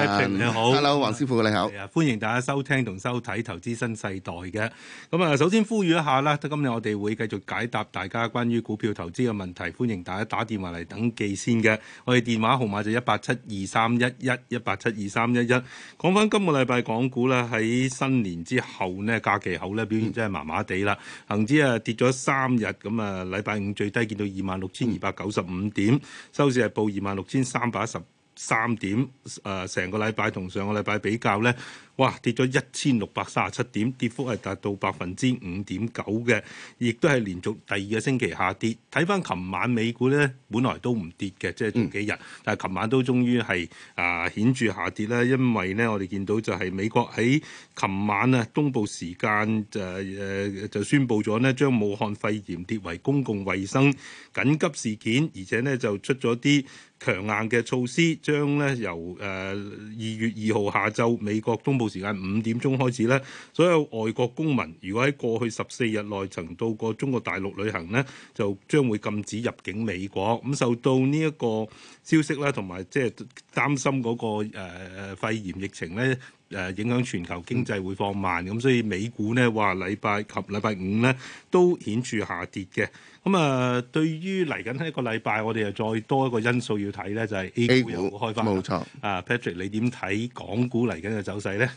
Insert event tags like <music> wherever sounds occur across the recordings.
Apple, 你好，Hello，黃師傅，你好，係歡迎大家收聽同收睇《投資新世代》嘅。咁啊，首先呼籲一下啦，今日我哋會繼續解答大家關於股票投資嘅問題，歡迎大家打電話嚟登記先嘅。我哋電話號碼就一八七二三一一一八七二三一一。講翻今個禮拜港股啦，喺新年之後呢，假期後咧，表現真係麻麻地啦。恒指啊，跌咗三日，咁啊，禮拜五最低見到二萬六千二百九十五點，嗯、收市係報二萬六千三百一十三點誒，成個禮拜同上個禮拜比較咧。哇！跌咗一千六百三十七點，跌幅係達到百分之五點九嘅，亦都係連續第二個星期下跌。睇翻琴晚美股咧，本來都唔跌嘅，即係前幾日，但係琴晚都終於係啊顯著下跌啦。因為咧，我哋見到就係美國喺琴晚啊東部時間就誒就宣布咗咧，將武漢肺炎列為公共衛生緊急事件，而且咧就出咗啲強硬嘅措施，將咧由誒二月二號下晝美國東部。時間五點鐘開始咧，所有外國公民如果喺過去十四日內曾到過中國大陸旅行咧，就將會禁止入境美國。咁受到呢一個消息咧，同埋即係擔心嗰、那個誒、呃、肺炎疫情咧，誒、呃、影響全球經濟會放慢。咁、嗯、所以美股咧話禮拜及禮拜五咧都顯著下跌嘅。咁啊、呃，對於嚟緊呢一個禮拜，我哋又再多一個因素要睇咧，就係、是、A 股又開翻。冇錯，啊、uh, Patrick，你點睇港股嚟緊嘅走勢咧？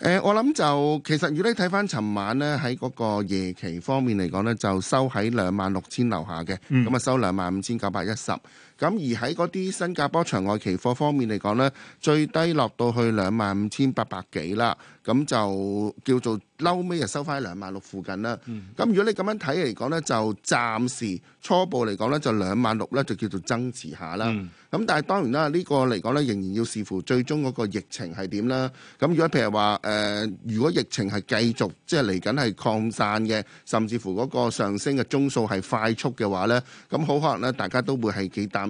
誒、呃，我諗就其實如果你睇翻尋晚咧，喺嗰個夜期方面嚟講咧，就收喺兩萬六千樓下嘅，咁啊、嗯、收兩萬五千九百一十。咁而喺嗰啲新加坡場外期貨方面嚟講呢，最低落到去兩萬五千八百幾啦，咁就叫做嬲尾啊，就收翻喺兩萬六附近啦。咁、嗯、如果你咁樣睇嚟講呢，就暫時初步嚟講呢，就兩萬六呢，就叫做增持下啦。咁、嗯、但係當然啦，呢、這個嚟講呢仍然要視乎最終嗰個疫情係點啦。咁如果譬如話誒、呃，如果疫情係繼續即係嚟緊係擴散嘅，甚至乎嗰個上升嘅鐘數係快速嘅話呢，咁好可能呢，大家都會係幾擔。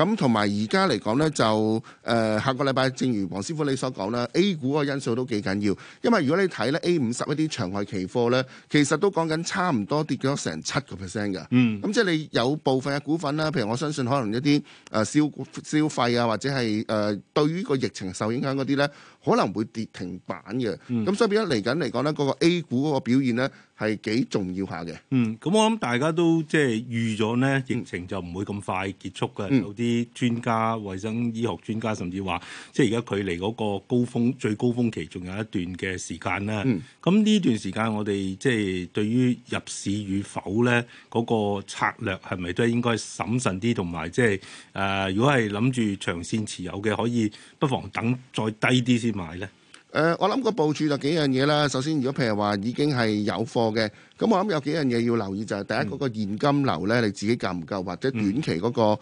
咁同埋而家嚟講咧，就誒、呃、下個禮拜，正如黃師傅你所講啦，A 股個因素都幾緊要，因為如果你睇咧 A 五十一啲場外期貨咧，其實都講緊差唔多跌咗成七個 percent 嘅。嗯，咁即係你有部分嘅股份啦，譬如我相信可能一啲誒消消費啊，或者係誒、呃、對於個疫情受影響嗰啲咧，可能會跌停板嘅。咁、嗯、所以變咗嚟緊嚟講咧，嗰、嗰個 A 股嗰個表現咧係幾重要下嘅。嗯，咁我諗大家都即係預咗咧，疫情就唔會咁快結束嘅。嗯、有啲。啲專家、衞生醫學專家甚至話，即係而家距離嗰個高峰、最高峰期仲有一段嘅時間啦。咁呢、嗯、段時間我，我哋即係對於入市與否咧，嗰、嗰個策略係咪都係應該審慎啲，同埋即係誒，如果係諗住長線持有嘅，可以不妨等再低啲先買咧。誒、呃，我諗個部署就幾樣嘢啦。首先，如果譬如話已經係有貨嘅，咁我諗有幾樣嘢要留意，就係、是、第一嗰、嗯、個現金流咧，你自己夠唔夠，或者短期嗰、那個，誒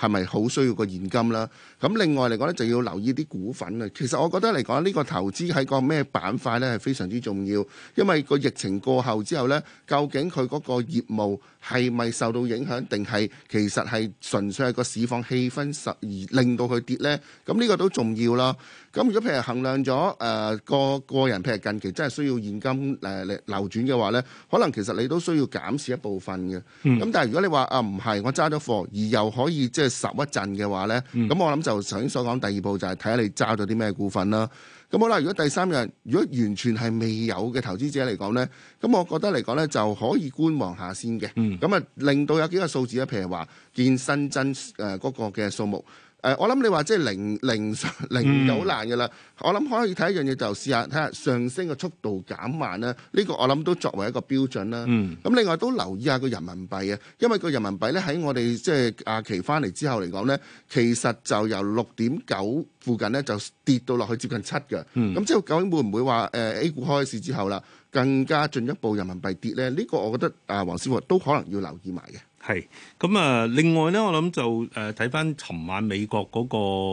係咪好需要個現金啦。咁另外嚟講咧，就要留意啲股份啊。其實我覺得嚟講，呢、這個投資喺個咩板塊呢？係非常之重要，因為個疫情過後之後呢，究竟佢嗰個業務係咪受到影響，定係其實係純粹係個市況氣氛實而令到佢跌呢？咁、這、呢個都重要咯。咁如果譬如衡量咗誒個個人譬如近期真係需要現金流轉嘅話呢，可能其實你都需要減少一部分嘅。咁、嗯、但係如果你話啊唔係，我揸咗貨而又可以即係十一陣嘅話呢。咁我諗。就首先所講，第二步就係睇下你揸咗啲咩股份啦。咁好啦，如果第三樣，如果完全係未有嘅投資者嚟講呢，咁我覺得嚟講呢，就可以觀望下先嘅。咁啊、嗯，令到有幾個數字啊，譬如話見新增誒嗰個嘅數目。誒、呃，我諗你話即係零零零九難嘅啦。嗯、我諗可以睇一樣嘢，就試下睇下上升嘅速度減慢啦。呢、這個我諗都作為一個標準啦。咁、嗯、另外都留意下個人民幣啊，因為個人民幣咧喺我哋即係假、啊、期翻嚟之後嚟講咧，其實就由六點九附近咧就跌到落去接近七嘅。咁之後究竟會唔會話誒、呃、A 股開市之後啦，更加進一步人民幣跌咧？呢、這個我覺得啊，黃師傅都可能要留意埋嘅。係咁啊！另外咧，我諗就誒睇翻尋晚美國嗰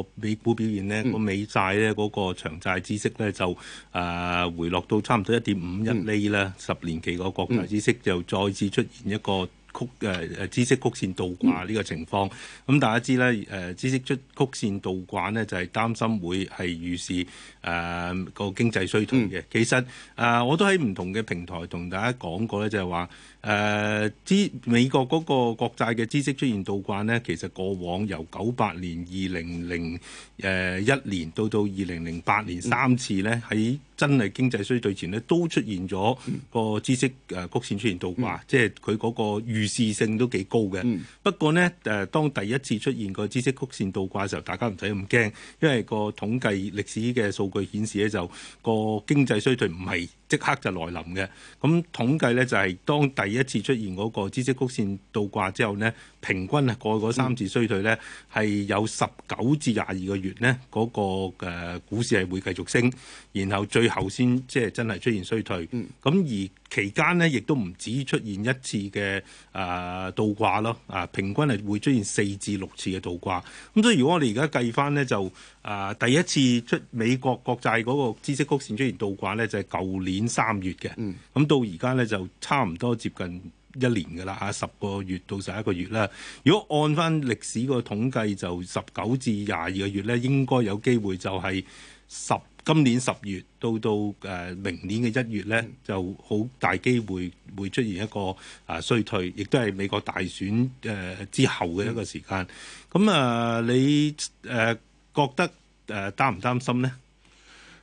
個美股表現、嗯、呢，個美債咧嗰個長債孳息咧就啊、呃、回落到差唔多一點五一厘啦。嗯、十年期個國債孳息就再次出現一個曲誒誒孳息曲線倒掛呢個情況。咁、嗯嗯、大家知啦，誒孳息出曲線倒掛呢，就係擔心會係預示誒個經濟衰退嘅。嗯嗯、其實啊、呃，我都喺唔同嘅平台同大家講過咧，就係話。誒、呃、孳美國嗰個國債嘅孳息出現倒掛咧，其實過往由九八年二零零誒一年到到二零零八年、嗯、三次咧，喺真係經濟衰退前咧都出現咗個孳息誒曲線出現倒掛，嗯、即係佢嗰個預示性都幾高嘅。嗯、不過咧誒、呃、當第一次出現個孳息曲線倒掛嘅時候，大家唔使咁驚，因為個統計歷史嘅數據顯示咧，就個經濟衰退唔係即刻就來臨嘅。咁統計咧就係當第一次出現嗰個孳息曲線倒掛之後呢，平均啊，過去嗰三次衰退呢，係有十九至廿二個月呢，嗰個股市係會繼續升，然後最後先即係真係出現衰退。咁而。期間呢亦都唔止出現一次嘅啊倒掛咯，啊平均係會出現四至六次嘅倒掛。咁所以如果我哋而家計翻呢，就啊第一次出美國國債嗰個孳息曲線出現倒掛呢，就係、是、舊年三月嘅。咁、嗯、到而家呢，就差唔多接近一年㗎啦，嚇、啊、十個月到十一個月啦。如果按翻歷史個統計，就十九至廿二個月呢，應該有機會就係十。今年十月到到誒、呃、明年嘅一月咧，就好大機會會出現一個啊、呃、衰退，亦都係美國大選誒、呃、之後嘅一個時間。咁、嗯、啊、呃，你誒、呃、覺得誒、呃、擔唔擔心咧？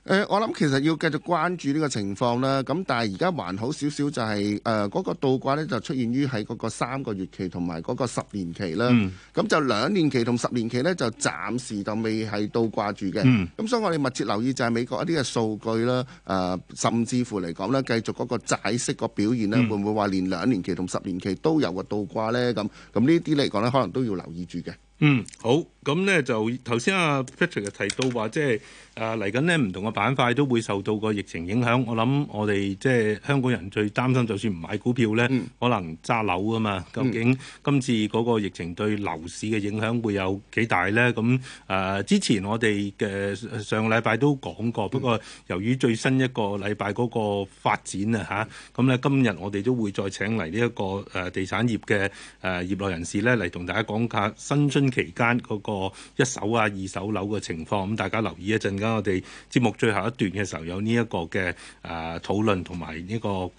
誒，我諗其實要繼續關注呢個情況啦。咁但係而家還好少少，就係誒嗰個倒掛呢，就出現於喺嗰個三個月期同埋嗰個十年期啦。咁就兩年期同十年期呢，就暫時就未係倒掛住嘅。咁所以我哋密切留意就係美國一啲嘅數據啦。誒，甚至乎嚟講呢，繼續嗰個債息個表現呢，會唔會話連兩年期同十年期都有個倒掛呢？咁咁呢啲嚟講呢，可能都要留意住嘅。嗯，好。咁咧就頭先阿 Patrick 又提到話，即係啊嚟緊呢唔同嘅板塊都會受到個疫情影響。我諗我哋即係香港人最擔心，就算唔買股票咧，可能揸樓啊嘛。究竟今次嗰個疫情對樓市嘅影響會有幾大咧？咁誒、啊、之前我哋嘅上個禮拜都講過，不過由於最新一個禮拜嗰個發展啊吓，咁咧今日我哋都會再請嚟呢一個誒地產業嘅誒業內人士咧嚟同大家講下新春期間嗰個。個一手啊、二手樓嘅情況，咁大家留意一陣間，我哋節目最後一段嘅時候有呢一個嘅誒討論同埋呢個誒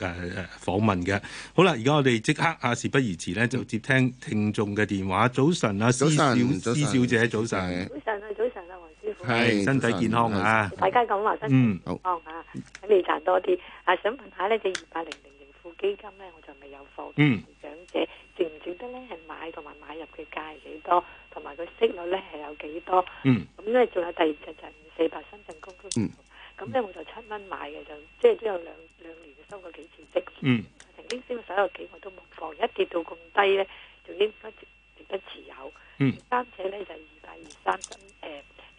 訪問嘅。好啦，而家我哋即刻啊，事不宜遲咧，就接聽聽眾嘅電話。早晨啊，施小施小姐，早晨。早晨啊，早晨啊，黃師傅。係。身體健康啊！大家咁話身。嗯。好。康啊，等你賺多啲。啊，想問下咧，隻二八零零盈富基金咧，我就未有貨。嗯。長揸值唔值得咧？係買同埋買入嘅價係幾多？同埋個息率咧係有幾多？嗯，咁咧仲有第二隻就係五四八深圳公股，嗯，咁咧我就七蚊買嘅就，即係都有兩兩年收過幾次息，嗯，曾經升咗收入幾，我都冇放。一跌到咁低咧，就應該應該持有。嗯，第三隻咧就係二百二三十，誒，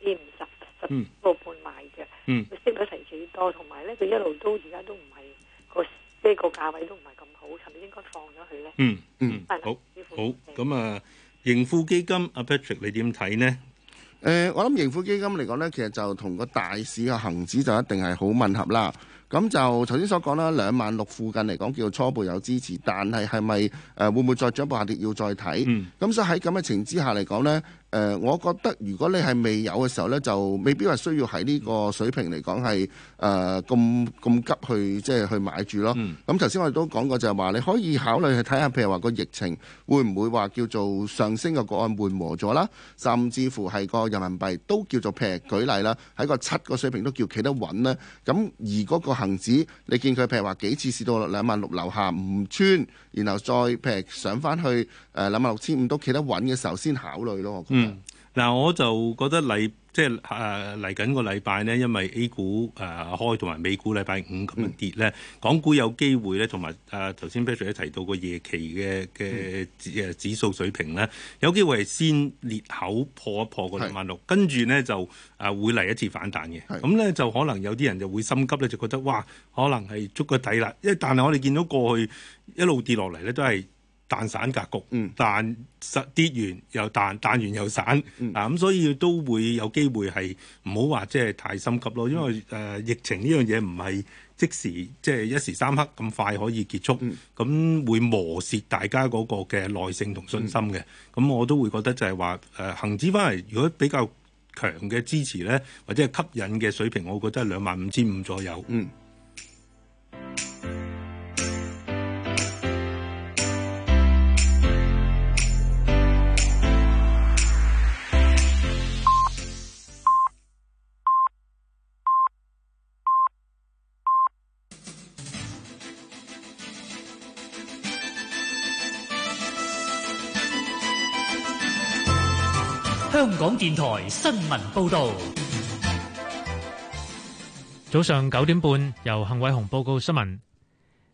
呢五十十個半買嘅，佢升咗成幾多？同埋咧佢一路都而家都唔係個即係個價位都唔係咁好，係咪應該放咗佢咧？嗯嗯，好好，咁啊。盈富基金，阿 Patrick，你點睇呢？誒、呃，我諗盈富基金嚟講呢其實就同個大市嘅恒指就一定係好吻合啦。咁就頭先所講啦，兩萬六附近嚟講叫初步有支持，但係係咪誒會唔會再進一步下跌要再睇？咁、嗯、所以喺咁嘅情形之下嚟講呢。誒，我覺得如果你係未有嘅時候咧，就未必係需要喺呢個水平嚟講係誒咁咁急去即係去買住咯。咁頭先我哋都講過就係話，你可以考慮去睇下，譬如話個疫情會唔會話叫做上升嘅個案緩和咗啦，甚至乎係個人民幣都叫做平，舉例啦，喺個七個水平都叫企得穩咧。咁而嗰個恆指，你見佢譬如話幾次試到兩萬六樓下唔穿，然後再譬如上翻去誒兩萬六千五都企得穩嘅時候，先考慮咯。嗱、嗯，我就覺得嚟即係誒嚟緊個禮拜呢，因為 A 股誒開同埋美股禮拜五咁樣跌咧，嗯、港股有機會咧，同埋誒頭、啊、先 Patrick 提到個夜期嘅嘅誒指數水平咧，有機會係先裂口破一破嗰兩萬六，跟住呢，就誒、啊、會嚟一次反彈嘅。咁咧是就可能有啲人就會心急咧，就覺得哇，可能係捉個底啦。因為但係我哋見到過去一路跌落嚟咧，都係。彈散格局，彈跌完又彈，彈完又散，嗱咁、嗯啊、所以都會有機會係唔好話即係太心急咯，因為誒、呃、疫情呢樣嘢唔係即時即係、就是、一時三刻咁快可以結束，咁、嗯、會磨蝕大家嗰個嘅耐性同信心嘅，咁、嗯嗯、我都會覺得就係話誒恆指返嚟，如果比較強嘅支持咧，或者係吸引嘅水平，我覺得係兩萬五千五左右。嗯電台新聞報道：早上九點半，由幸偉雄報告新聞。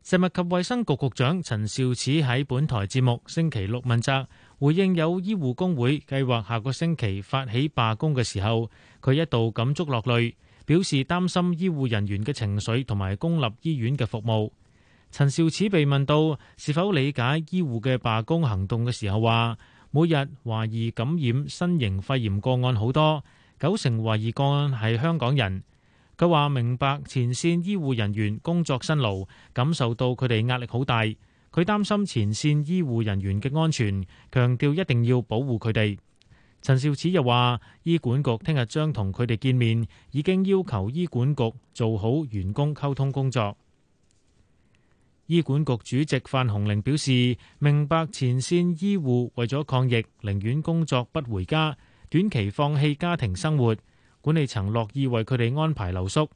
食物及衛生局局長陳肇始喺本台節目星期六問責，回應有醫護工會計劃下個星期發起罷工嘅時候，佢一度感觸落淚，表示擔心醫護人員嘅情緒同埋公立醫院嘅服務。陳肇始被問到是否理解醫護嘅罷工行動嘅時候，話。每日懷疑感染新型肺炎個案好多，九成懷疑個案係香港人。佢話明白前線醫護人員工作辛勞，感受到佢哋壓力好大。佢擔心前線醫護人員嘅安全，強調一定要保護佢哋。陳肇始又話，醫管局聽日將同佢哋見面，已經要求醫管局做好員工溝通工作。醫管局主席范鴻齡表示，明白前線醫護為咗抗疫，寧願工作不回家，短期放棄家庭生活。管理層樂意為佢哋安排留宿。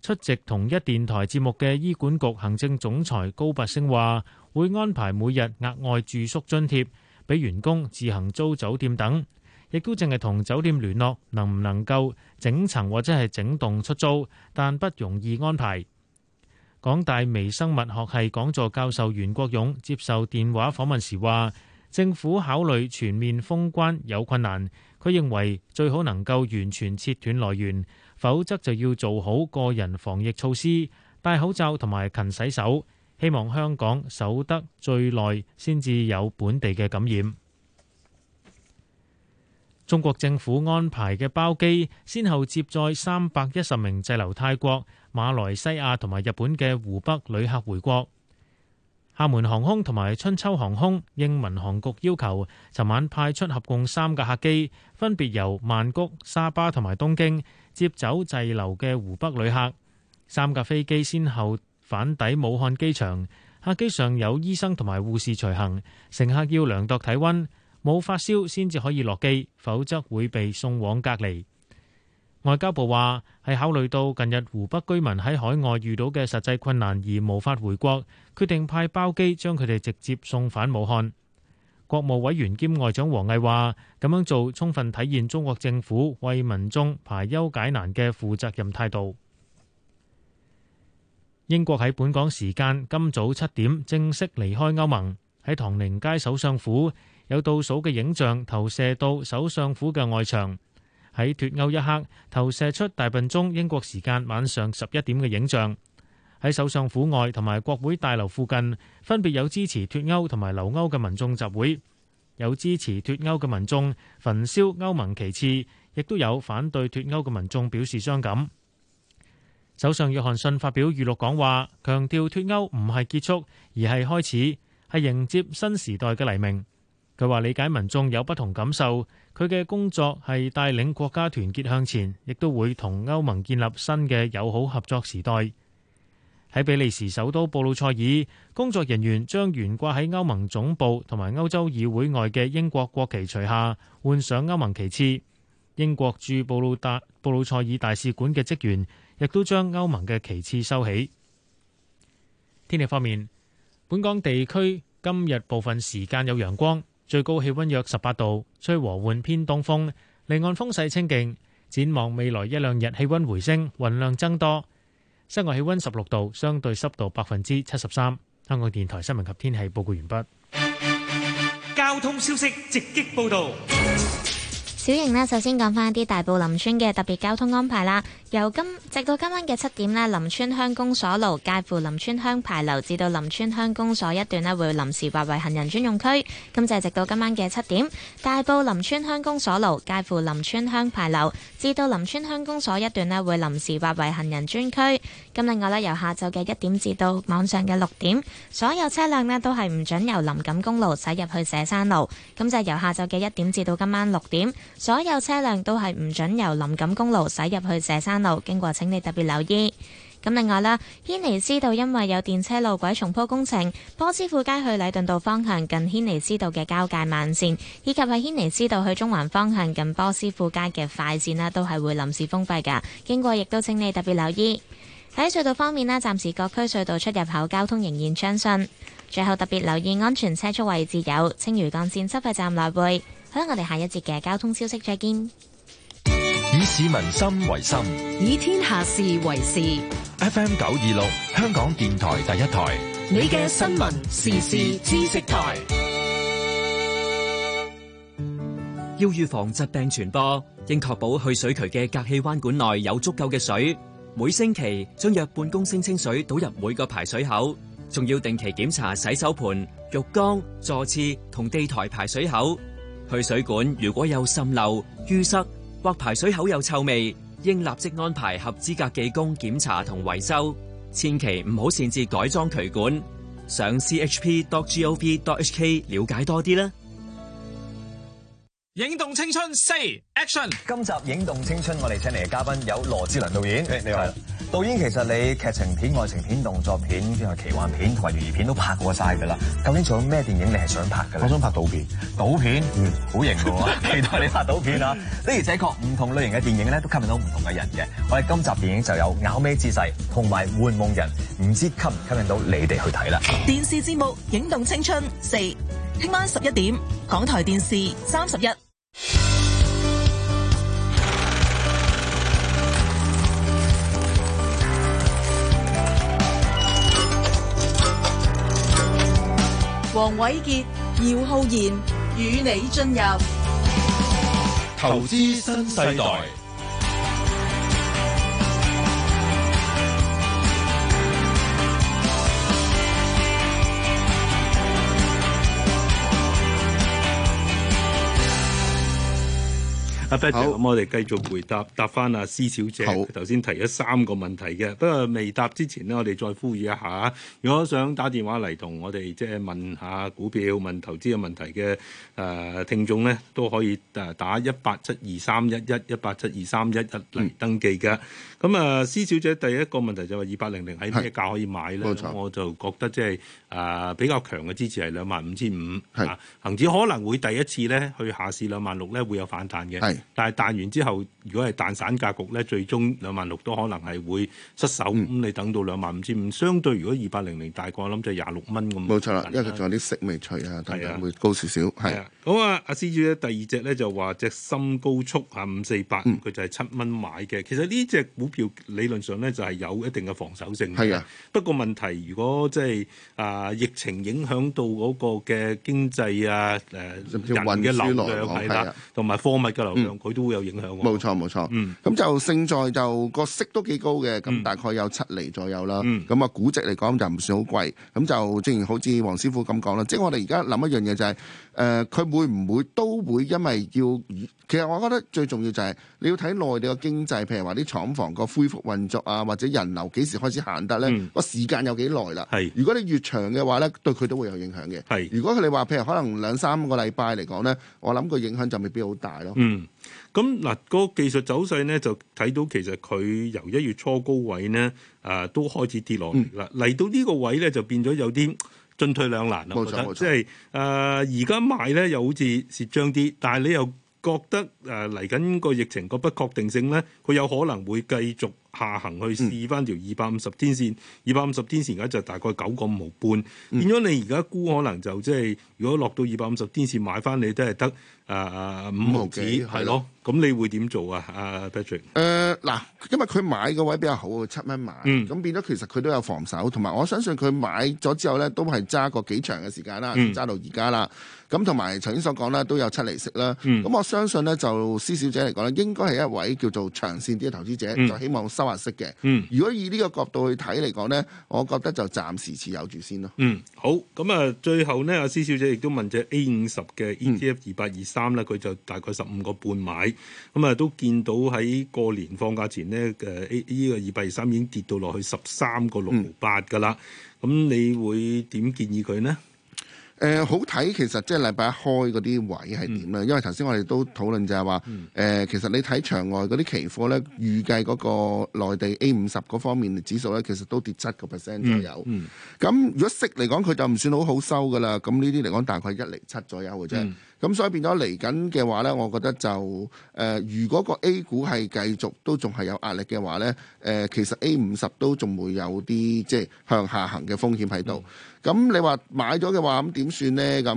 出席同一電台節目嘅醫管局行政總裁高拔升話，會安排每日額外住宿津貼，俾員工自行租酒店等。亦都淨係同酒店聯絡，能唔能夠整層或者係整棟出租，但不容易安排。港大微生物學系講座教授袁國勇接受電話訪問時話，政府考慮全面封關有困難，佢認為最好能夠完全切斷來源，否則就要做好個人防疫措施，戴口罩同埋勤洗手。希望香港守得最耐，先至有本地嘅感染。中國政府安排嘅包機先後接載三百一十名滯留泰國、馬來西亞同埋日本嘅湖北旅客回國，廈門航空同埋春秋航空應民航局要求，尋晚派出合共三架客機，分別由曼谷、沙巴同埋東京接走滯留嘅湖北旅客。三架飛機先後返抵武漢機場，客機上有醫生同埋護士隨行，乘客要量度體溫，冇發燒先至可以落機，否則會被送往隔離。外交部話係考慮到近日湖北居民喺海外遇到嘅實際困難而無法回國，決定派包機將佢哋直接送返武漢。國務委員兼外長王毅話：咁樣做充分體現中國政府為民眾排憂解難嘅負責任態度。英國喺本港時間今早七點正式離開歐盟，喺唐寧街首相府有倒數嘅影像投射到首相府嘅外牆。喺脱歐一刻投射出大笨鐘，英國時間晚上十一點嘅影像。喺首相府外同埋國會大樓附近，分別有支持脱歐同埋留歐嘅民眾集會，有支持脱歐嘅民眾焚燒歐盟旗幟，亦都有反對脱歐嘅民眾表示傷感。首相約翰遜發表預錄講話，強調脱歐唔係結束，而係開始，係迎接新時代嘅黎明。佢話理解民眾有不同感受，佢嘅工作係帶領國家團結向前，亦都會同歐盟建立新嘅友好合作時代。喺比利時首都布魯塞爾，工作人員將懸掛喺歐盟總部同埋歐洲議會外嘅英國國旗除下，換上歐盟旗幟。英國駐布魯大、布魯塞爾大使館嘅職員亦都將歐盟嘅旗幟收起。天氣方面，本港地區今日部分時間有陽光。最高氣溫約十八度，吹和緩偏東風，離岸風勢清勁。展望未來一兩日，氣溫回升，雲量增多。室外氣溫十六度，相對濕度百分之七十三。香港電台新聞及天氣報告完畢。交通消息直擊報導。小瑩呢，首先講翻一啲大埔林村嘅特別交通安排啦。由今直到今晚嘅七點呢，林村鄉公所路介乎林村鄉牌樓至到林村鄉公所一段呢，會臨時劃為行人專用區。咁就係直到今晚嘅七點，大埔林村鄉公所路介乎林村鄉牌樓至到林村鄉公所一段呢，會臨時劃為行人專區。咁另外呢，由下晝嘅一點至到晚上嘅六點，所有車輛呢，都係唔准由林錦公路駛入去蛇山路。咁就由下晝嘅一點至到今晚六點。所有車輛都係唔準由林錦公路駛入去蛇山路，經過，請你特別留意。咁另外啦，軒尼詩道因為有電車路軌重鋪工程，波斯富街去禮頓道方向近軒尼詩道嘅交界慢線，以及喺軒尼詩道去中環方向近波斯富街嘅快線啦，都係會臨時封閉嘅。經過，亦都請你特別留意。喺隧道方面咧，暫時各區隧道出入口交通仍然暢順。最後，特別留意安全車速位置有青嶼幹線收費站來回。好啦我哋下一節嘅交通消息再見。以市民心為心，以天下事為事。FM 九二六，香港電台第一台，你嘅新聞時事知識台。要預防疾病傳播，應確保去水渠嘅隔氣彎管內有足夠嘅水。每星期將約半公升清水倒入每個排水口，仲要定期檢查洗手盆、浴缸、坐廁同地台排水口。去水管如果有滲漏、淤塞或排水口有臭味，應立即安排合資格技工檢查同維修，千祈唔好擅自改裝渠管。上 chp.gov.hk 了解多啲啦。影動青春四 Action，今集影動青春，我哋請嚟嘅嘉賓有羅志倫導演，hey, 你好。導演，其實你劇情片、愛情片、動作片、之後奇幻片同埋懸疑片都拍過晒噶啦。究竟仲有咩電影你係想拍噶？我想拍賭片，賭片嗯，好型噶， <laughs> 期待你拍賭片啊！啦、 <laughs> 嗯。的而且確唔同類型嘅電影咧，都吸引到唔同嘅人嘅。我哋今集電影就有咬尾姿勢同埋幻夢人，唔知吸唔吸引到你哋去睇啦。電視節目影動青春四，聽晚十一 <laughs> 點，港台電視三十一。黃瑋傑、姚浩然與你進入投資新世代。阿咁好我哋繼續回答回答翻阿施小姐頭先好提咗三個問題嘅。不過未答之前呢，我哋再呼籲一下，如果想打電話嚟同我哋即係問下股票、問投資嘅問題嘅誒聽眾呢，都可以誒打一八七二三一一一八七二三一一嚟登記㗎。嗯。咁啊施小姐，第一個問題就係二八零零喺咩價可以買咧？我就覺得即係啊比較強嘅支持係兩萬五千五。係，恆指可能會第一次咧去下試兩萬六咧，會有反彈嘅。但係彈完之後，如果係彈散格局咧，最終兩萬六都可能係會失守。咁你等到兩萬五千五，相對如果二八零零大概，我諗就係廿六蚊咁。冇錯啦，因為佢仲有啲息未除啊，大概會高少少。係。好啊，阿施小姐第二隻咧就話隻深高速啊五四八，佢就係七蚊買嘅。其實呢隻票理論上咧就係有一定嘅防守性嘅。係啊，不過問題，如果即係啊疫情影響到嗰個嘅經濟啊，誒甚至運嘅流量，同埋貨物嘅流量佢都會有影響。冇錯冇錯。嗯，咁就勝在就個息都幾高嘅，咁大概有七厘左右啦。嗯，咁啊估值嚟講就唔算好貴。咁就正如好似黃師傅咁講啦，即係我哋而家諗一樣嘢就係誒佢會唔會都會因為要其實我覺得最重要就係你要睇內地嘅經濟，譬如話啲廠房個。恢復運作啊，或者人流幾時開始行得咧？個、嗯、時間有幾耐啦。係是，如果你越長嘅話咧，對佢都會有影響嘅。係是，如果佢哋話譬如可能兩三個禮拜嚟講咧，我諗個影響就未必好大咯。嗯，咁嗱、那個技術走勢咧，就睇到其實佢由一月初高位咧，啊、呃、都開始跌落嚟啦。嚟、嗯、到呢個位咧，就變咗有啲進退兩難啦。冇錯，即係啊，而家賣咧又好似蝕章啲，但係你又覺得誒嚟緊個疫情個不確定性咧，佢有可能會繼續。下行去試翻條二百五十天線，二百五十天線而家就大概九個五毫半，變咗、嗯、你而家估可能就即、是、係如果落到二百五十天線買翻，你都係得誒五毫紙係咯，咁、嗯、你會點做啊？阿、uh, Patrick 誒嗱、呃，因為佢買個位比較好七蚊買，咁、嗯、變咗其實佢都有防守，同埋我相信佢買咗之後咧都係揸個幾長嘅時間啦，揸到而家啦，咁同埋頭先所講咧都有七厘息啦，咁、嗯、我相信咧就施小姐嚟講咧應該係一位叫做長線啲嘅投資者，就希望白色嘅，嗯，如果以呢個角度去睇嚟講咧，我覺得就暫時持有住先咯。嗯，好，咁啊，最後咧，阿施小姐亦都問隻 A 五十嘅 ETF 二八二三咧，佢就大概十五個半買，咁、嗯、啊都見到喺過年放假前咧嘅 A 呢個二八二三已經跌到落去十三個六毫八噶啦，咁、嗯、你會點建議佢咧？誒、呃、好睇，其實即係禮拜一開嗰啲位係點咧？嗯、因為頭先我哋都討論就係話，誒、嗯呃、其實你睇場外嗰啲期貨咧，預計嗰個內地 A 五十嗰方面指數咧，其實都跌七個 percent 左右。咁、嗯嗯、如果息嚟講，佢就唔算好好收噶啦。咁呢啲嚟講，大概一釐七左右嘅啫。嗯咁所以變咗嚟緊嘅話呢，我覺得就誒、呃，如果個 A 股係繼續都仲係有壓力嘅話呢，誒、呃、其實 A 五十都仲會有啲即係向下行嘅風險喺度。咁、嗯、你話買咗嘅話，咁點算呢？咁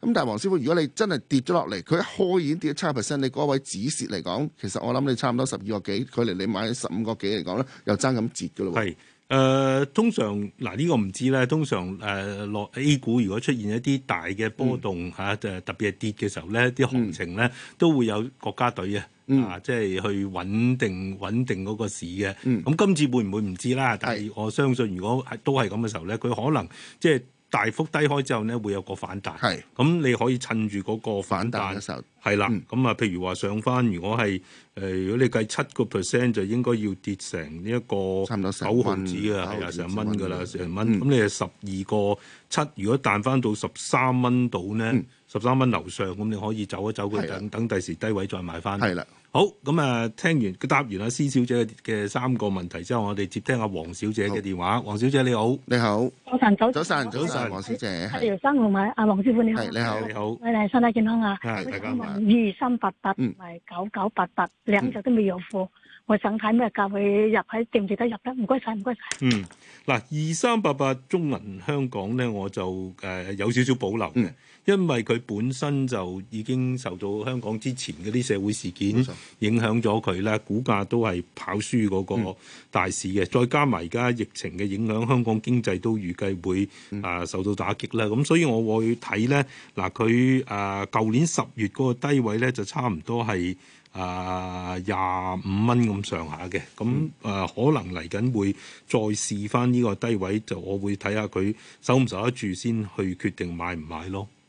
咁但係黃師傅，如果你真係跌咗落嚟，佢一開已經跌咗七 percent，你嗰位止蝕嚟講，其實我諗你差唔多十二個幾距離你買十五個幾嚟講咧，又爭咁蝕㗎咯。誒通常嗱呢個唔知咧，通常誒落、呃這個呃、A 股如果出現一啲大嘅波動嚇，就、嗯啊、特別係跌嘅時候咧，啲、嗯、行情咧都會有國家隊嘅，嗯、啊，即係去穩定穩定嗰個市嘅。咁、嗯啊、今次會唔會唔知啦？但係我相信如果係都係咁嘅時候咧，佢可能即係。大幅低開之後咧，會有個反彈。係咁是，你可以趁住嗰個反彈嘅時候，係啦的。咁啊、嗯，譬如話上翻，如果係誒、呃，如果你計七個 percent，就應該要跌成呢一個差唔多九毫紙啊，係啊，成蚊噶啦，成蚊。咁、嗯、你係十二個七，如果彈翻到十三蚊度咧。嗯十三蚊樓上，咁你可以走一走佢，等等第時低位再買翻。係啦，好，咁啊！聽完佢答完阿施小姐嘅三個問題之後，我哋接聽阿黃小姐嘅電話。黃小姐你好，你好。早晨早，早晨早晨，黃小姐。阿姚生同埋阿黃師傅你好。你好，你好。係身體健康啊！二三八八同埋九九八八兩隻都未有貨，我想睇咩價位入去，喺唔住得入得，唔該晒，唔該晒。嗯，嗱，二三八八中銀香港咧，我就誒有少少保留嘅。因為佢本身就已經受到香港之前嗰啲社會事件影響咗佢咧，股價都係跑輸嗰個大市嘅。再加埋而家疫情嘅影響，香港經濟都預計會啊、呃、受到打擊啦。咁所以我會睇咧嗱，佢啊舊年十月嗰個低位咧就差唔多係啊廿五蚊咁上下嘅。咁、呃、啊、呃、可能嚟緊會再試返呢個低位，就我會睇下佢守唔守得住先，去決定買唔買咯。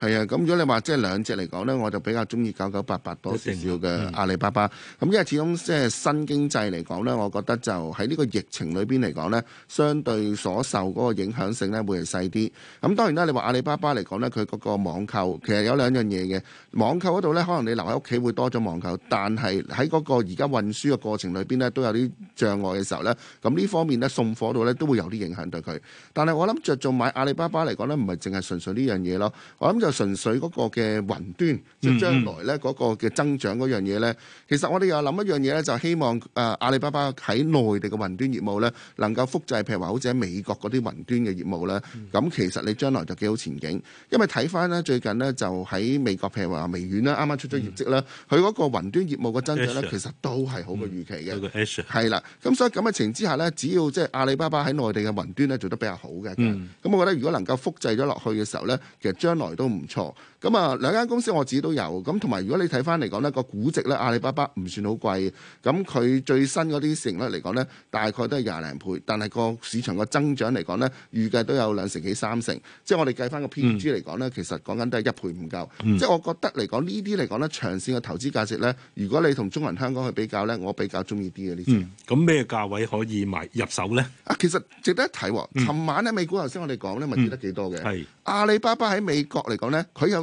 係啊，咁如果你話即係兩隻嚟講呢，我就比較中意九九八八多少少嘅阿里巴巴。咁、嗯、因為始終即係新經濟嚟講呢，我覺得就喺呢個疫情裏邊嚟講呢，相對所受嗰個影響性呢會係細啲。咁當然啦，你話阿里巴巴嚟講呢，佢嗰個網購其實有兩樣嘢嘅。網購嗰度呢，可能你留喺屋企會多咗網購，但係喺嗰個而家運輸嘅過程裏邊呢，都有啲障礙嘅時候呢。咁呢方面呢，送貨度呢都會有啲影響對佢。但係我諗着重買阿里巴巴嚟講呢，唔係淨係純粹呢樣嘢咯，我諗就。純粹嗰個嘅雲端，即係將來咧嗰個嘅增長嗰樣嘢咧，其實我哋又諗一樣嘢咧，就希望誒阿里巴巴喺內地嘅雲端業務咧，能夠複製，譬如話好似喺美國嗰啲雲端嘅業務咧，咁其實你將來就幾好前景，因為睇翻咧最近咧就喺美國，譬如話微軟啦，啱啱出咗業績啦，佢嗰個雲端業務嘅增長咧，其實都係好過預期嘅，係啦，咁所以咁嘅情形之下咧，只要即係阿里巴巴喺內地嘅雲端咧做得比較好嘅，咁我覺得如果能夠複製咗落去嘅時候咧，其實將來都唔唔錯。咁啊，兩間公司我自己都有，咁同埋如果你睇翻嚟講呢個估值呢，阿里巴巴唔算好貴，咁佢最新嗰啲市盈率嚟講呢，大概都係廿零倍，但係個市場個增長嚟講呢，預計都有兩成幾三成，即係我哋計翻個 P/E 嚟講呢，嗯、其實講緊都係一倍唔夠，嗯、即係我覺得嚟講呢啲嚟講呢，長線嘅投資價值呢，如果你同中銀香港去比較呢，我比較中意啲嘅呢啲。咁咩價位可以買入手呢？啊，其實值得一提，琴晚呢美股頭先我哋講呢，咪跌、嗯嗯、得幾多嘅？係是阿里巴巴喺美國嚟講呢，佢有。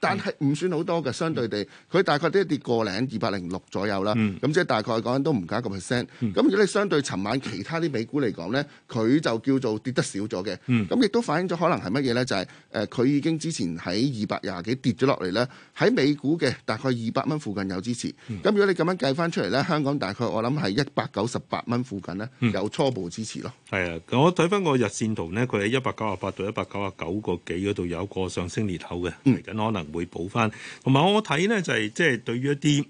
但係唔算好多嘅，相對地，佢大概都係跌過零二百零六左右啦。咁即係大概講都唔加一個 percent。咁如果你相對尋晚其他啲美股嚟講咧，佢就叫做跌得少咗嘅。咁、嗯、亦都反映咗可能係乜嘢咧？就係、是、誒，佢、呃、已經之前喺二百廿幾跌咗落嚟咧，喺美股嘅大概二百蚊附近有支持。咁、嗯、如果你咁樣計翻出嚟咧，香港大概我諗係一百九十八蚊附近咧有初步支持咯。係啊、嗯，我睇翻個日線圖咧，佢喺一百九十八到一百九十九個幾嗰度有個上升裂口嘅，緊、嗯、可能。會補翻，同埋我睇咧就係即係對於一啲。嗯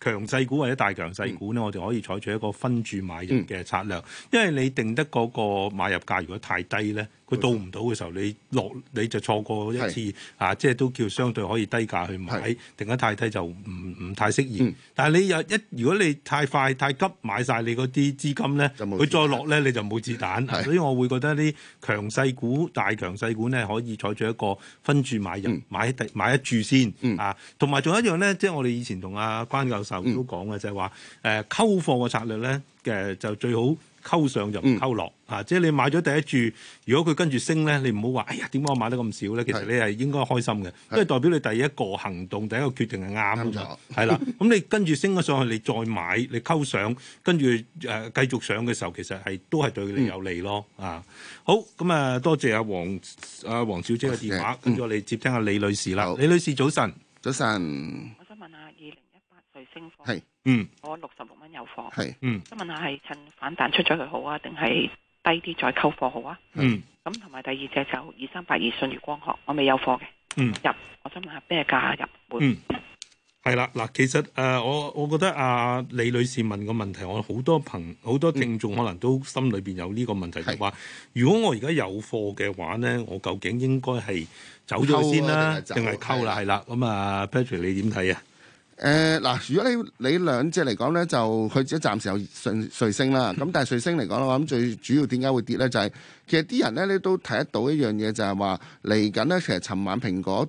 強勢股或者大強勢股咧，我哋可以採取一個分注買入嘅策略，因為你定得嗰個買入價如果太低咧，佢到唔到嘅時候，你落你就錯過一次啊，即係都叫相對可以低價去買。定得太低就唔唔太適宜。但係你又一如果你太快太急買晒你嗰啲資金咧，佢再落咧你就冇子彈。所以我會覺得啲強勢股、大強勢股咧，可以採取一個分注買入，買一買一注先啊。同埋仲有一樣咧，即係我哋以前同阿。啊，關教授都講嘅就係話，誒、嗯，溝貨嘅策略咧，嘅就最好溝上就唔溝落啊！是的 即係你買咗第一注，如果佢跟住升咧，你唔好話，哎呀，點解我買得咁少咧？其實你係應該開心嘅，因為代表你第一個行動、第一個決定係啱嘅，係啦常。咁你跟住升咗上去，你再買，你溝上，跟住誒繼續上嘅時候，其實係都係對你有利咯。啊，好，咁啊，多謝阿黃阿黃小姐嘅電話，跟住我哋接聽阿李女士啦。嗯、李女士早晨，早晨。早早係，嗯，我六十六蚊有貨，係，嗯，想問下係趁反彈出咗佢好啊，定係低啲再溝貨好啊？嗯，咁同埋第二隻就二三八二舜宇光學，我未有貨嘅，嗯，入，我想問下咩價入？嗯，係啦，嗱，其實誒，我我覺得阿李女士問個問題，我好多朋、好多聽眾可能都心裏邊有呢個問題，就話如果我而家有貨嘅話咧，我究竟應該係走咗先啦，定係溝啦？係啦，咁啊，Patrick 你點睇啊？誒嗱、呃，如果你你兩隻嚟講咧，就佢只暫時有順瑞星啦，咁但係瑞星嚟講咧，我諗最主要點解會跌咧，就係、是、其實啲人咧，你都睇得到一樣嘢，就係話嚟緊咧，其實尋晚蘋果。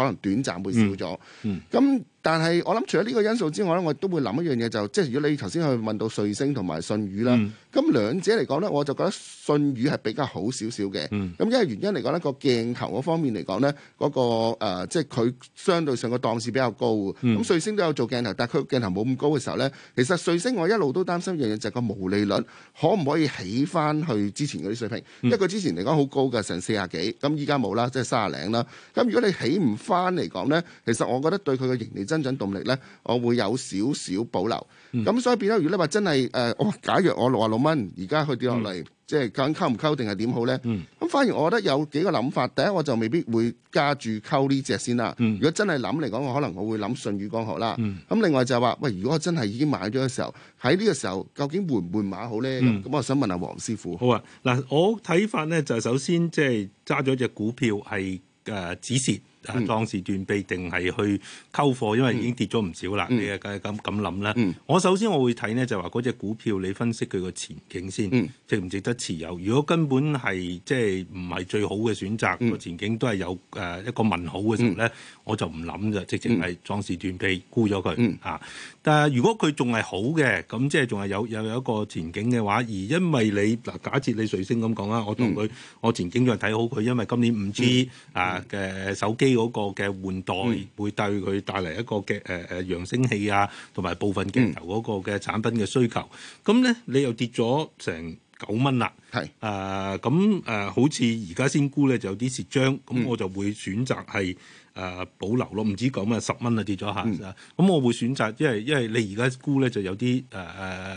可能短暫會少咗。咁、嗯。嗯但係我諗除咗呢個因素之外咧，我都會諗一樣嘢、就係，就即係如果你頭先去問到瑞聲同埋舜宇啦，咁、嗯、兩者嚟講咧，我就覺得舜宇係比較好少少嘅。咁、嗯、因為原因嚟講咧，個鏡頭嗰方面嚟講咧，嗰、嗰個、呃、即係佢相對上個檔次比較高咁、嗯、瑞聲都有做鏡頭，但係佢鏡頭冇咁高嘅時候咧，其實瑞聲我一路都擔心一樣嘢就係個毛利率可唔可以起翻去之前嗰啲水平，嗯、因為佢之前嚟講好高嘅，成四十幾，咁依家冇啦，即係三十零啦。咁如果你起唔翻嚟講咧，其實我覺得對佢嘅盈利增長動力咧，我會有少少保留。咁、嗯、所以變咗，如果你話真係誒，我假如我六啊六蚊，而家佢跌落嚟，即係究竟溝唔溝定係點好咧？咁反而我覺得有幾個諗法。第一，我就未必會加住溝呢隻先啦。嗯、如果真係諗嚟講，我可能我會諗舜宇光學啦。咁、嗯、另外就係話，喂，如果我真係已經買咗嘅時候，喺呢個時候究竟會會換唔換碼好咧？咁、嗯、我想問下黃師傅。好啊，嗱，我睇法咧就首先即係揸咗隻股票係誒止蝕。啊，壯士斷臂定係去溝貨？因為已經跌咗唔少啦，你梗係咁咁諗啦。我首先我會睇呢，就話嗰隻股票你分析佢個前景先，值唔值得持有？如果根本係即係唔係最好嘅選擇，個前景都係有誒一個問號嘅時候呢，我就唔諗就直情係壯士斷臂沽咗佢啊。但係如果佢仲係好嘅，咁即係仲係有有有一個前景嘅話，而因為你嗱假設你瑞聲咁講啦，我同佢我前景仲係睇好佢，因為今年五 G 啊嘅手機，嗰個嘅換代會對佢帶嚟一個嘅誒誒揚、呃、聲器啊，同埋部分鏡頭嗰個嘅產品嘅需求，咁咧你又跌咗成九蚊啦，係啊咁誒，好似而家先沽咧就有啲蝕張，咁我就會選擇係誒、呃、保留咯，唔知九蚊、十蚊啊跌咗下，咁、嗯、我會選擇，因為因為你而家沽咧就有啲誒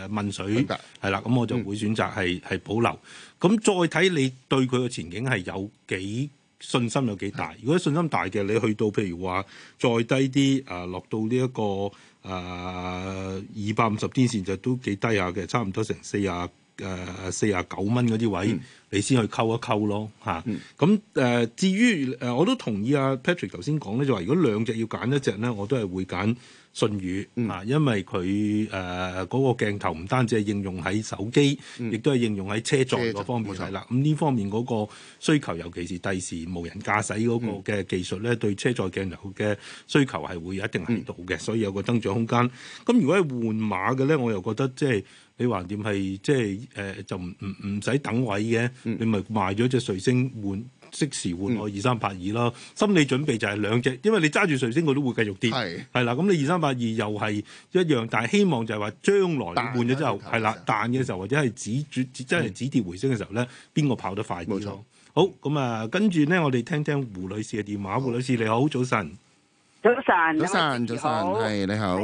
誒問水，係的啦，咁我就會選擇係係、嗯、保留，咁再睇你對佢嘅前景係有幾？信心有幾大？如果信心大嘅，你去到譬如話再低啲，啊、呃、落到呢、這、一個啊二百五十天線就都幾低下嘅，差唔多成四十誒四十九蚊嗰啲位，嗯、你先去溝一溝咯嚇。咁誒、嗯呃、至於誒、呃、我都同意阿、啊、Patrick 頭先講咧，就話如果兩隻要揀一隻咧，我都係會揀。信譽啊，因為佢誒嗰個鏡頭唔單止係應用喺手機，亦、嗯、都係應用喺車載嗰方面係啦。咁呢方面嗰個需求，尤其是第時無人駕駛嗰個嘅技術咧，嗯、對車載鏡頭嘅需求係會有一定喺度嘅，嗯、所以有個增長空間。咁如果係換馬嘅咧，我又覺得即、就、係、是、你橫掂係即係誒就唔唔唔使等位嘅，你咪賣咗隻瑞星換。即時換我、嗯、二三八二咯，心理準備就係兩隻，因為你揸住瑞星，我都會繼續跌。係係啦，咁你二三八二又係一樣，但係希望就係話將來你換咗之後，係啦，彈嘅時候或者係止住，真係止跌回升嘅時候咧，邊個跑得快啲咯？冇錯。好，咁啊，跟住咧，我哋聽聽胡女士嘅電話。胡女士你好，早晨，早晨，早晨，早晨，早晨，係你好。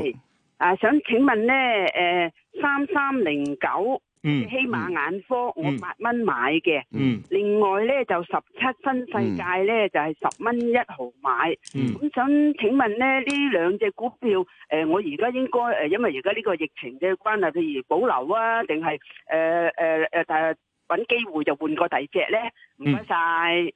啊，想請問咧，誒三三零九。希瑪眼科我八蚊買嘅，嗯嗯嗯嗯嗯、另外咧就十七新世界咧就係十蚊一毫買，咁、嗯嗯、想請問咧呢兩隻股票，誒、呃、我而家應該誒、呃、因為而家呢個疫情嘅關係，譬如保留啊，定係誒誒誒誒？呃呃呃搵機會就換個底隻咧，唔該晒。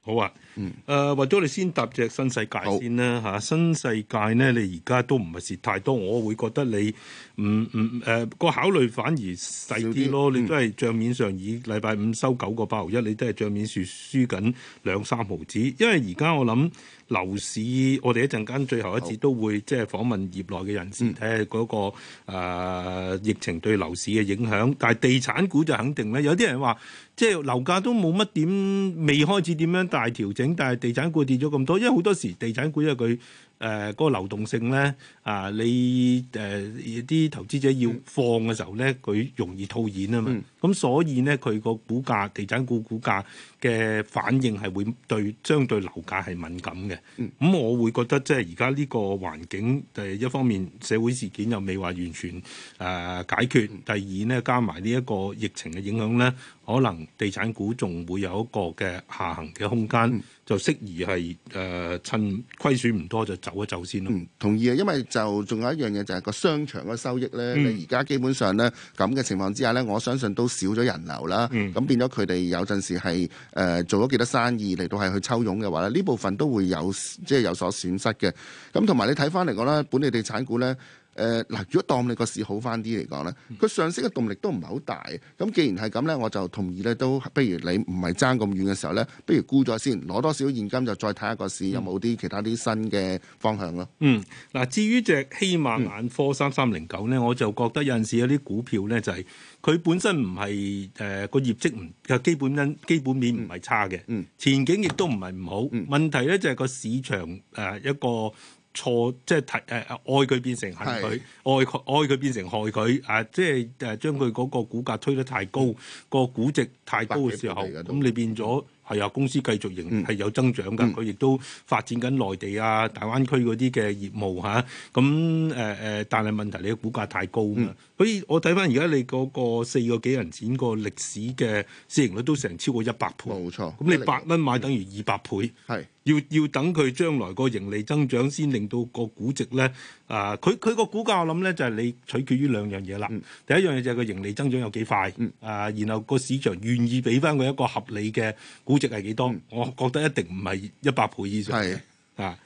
好啊，嗯、呃，誒，為咗你先答隻新世界先啦，嚇好，新世界咧，你而家都唔係蝕太多，我會覺得你唔唔誒個考慮反而細啲咯。嗯、你都係帳面上以禮拜五收九個八毫一，你都係帳面上輸輸緊兩三毫子，因為而家我諗。嗯樓市，我哋一陣間最後一節都會即係訪問業內嘅人士，睇下嗰個、呃、疫情對樓市嘅影響。但係地產股就肯定咧，有啲人話即係樓價都冇乜點，未開始點樣大調整，但係地產股跌咗咁多，因為好多時地產股因為佢。誒嗰、呃那個流動性咧啊、呃，你誒啲、呃、投資者要放嘅時候咧，佢容易套現啊嘛。咁、嗯、所以咧，佢個股價、地產股股價嘅反應係會對相對樓價係敏感嘅。咁、嗯、我會覺得即係而家呢個環境，誒一方面社會事件又未話完全誒、呃、解決，第二咧加埋呢一個疫情嘅影響咧。可能地產股仲會有一個嘅下行嘅空間，嗯、就適宜係誒、呃、趁虧損唔多就走一走先咯、嗯。同意啊，因為就仲有一樣嘢就係個商場嘅收益咧。你而家、嗯、基本上咧咁嘅情況之下咧，我相信都少咗人流啦。咁、嗯、變咗佢哋有陣時係誒、呃、做咗幾多生意嚟到係去抽傭嘅話咧，呢部分都會有即係、就是、有所損失嘅。咁同埋你睇翻嚟講咧，本地地產股咧。誒嗱、呃，如果當你個市好翻啲嚟講咧，佢、嗯、上升嘅動力都唔係好大。咁既然係咁咧，我就同意咧，都不如你唔係爭咁遠嘅時候咧，不如沽咗先，攞多少現金就再睇下個市有冇啲其他啲新嘅方向咯。嗯，嗱，至於隻希馬眼科三三零九咧，我就覺得有陣時有啲股票咧就係佢本身唔係誒個業績唔嘅基本因基本面唔係差嘅，嗯嗯、前景亦都唔係唔好。嗯、問題咧就係個市場誒、呃、一個。錯即係提誒、呃、愛佢變成恨佢是，愛愛佢變成害佢，誒、啊、即係誒、啊、將佢嗰個股價推得太高，嗯、個估值太高嘅時候，咁你，你變咗係啊公司繼續仍係有增長㗎，佢亦、嗯、都發展緊內地啊、大灣區嗰啲嘅業務嚇，咁誒誒，但係問題你嘅股價太高啊。嗯嗯所以我睇翻而家你嗰個四個幾銀錢嗰個歷史嘅市盈率都成超過一百倍，冇錯。咁你百蚊買等於二百倍，係、嗯、要要等佢將來個盈利增長先令到個估值咧。啊、呃，佢佢個估價我諗咧就係你取決於兩樣嘢啦。嗯、第一樣嘢就係個盈利增長有幾快，嗯、啊，然後個市場願意俾翻佢一個合理嘅估值係幾多？嗯、我覺得一定唔係一百倍以上，係、嗯、的啊。啊。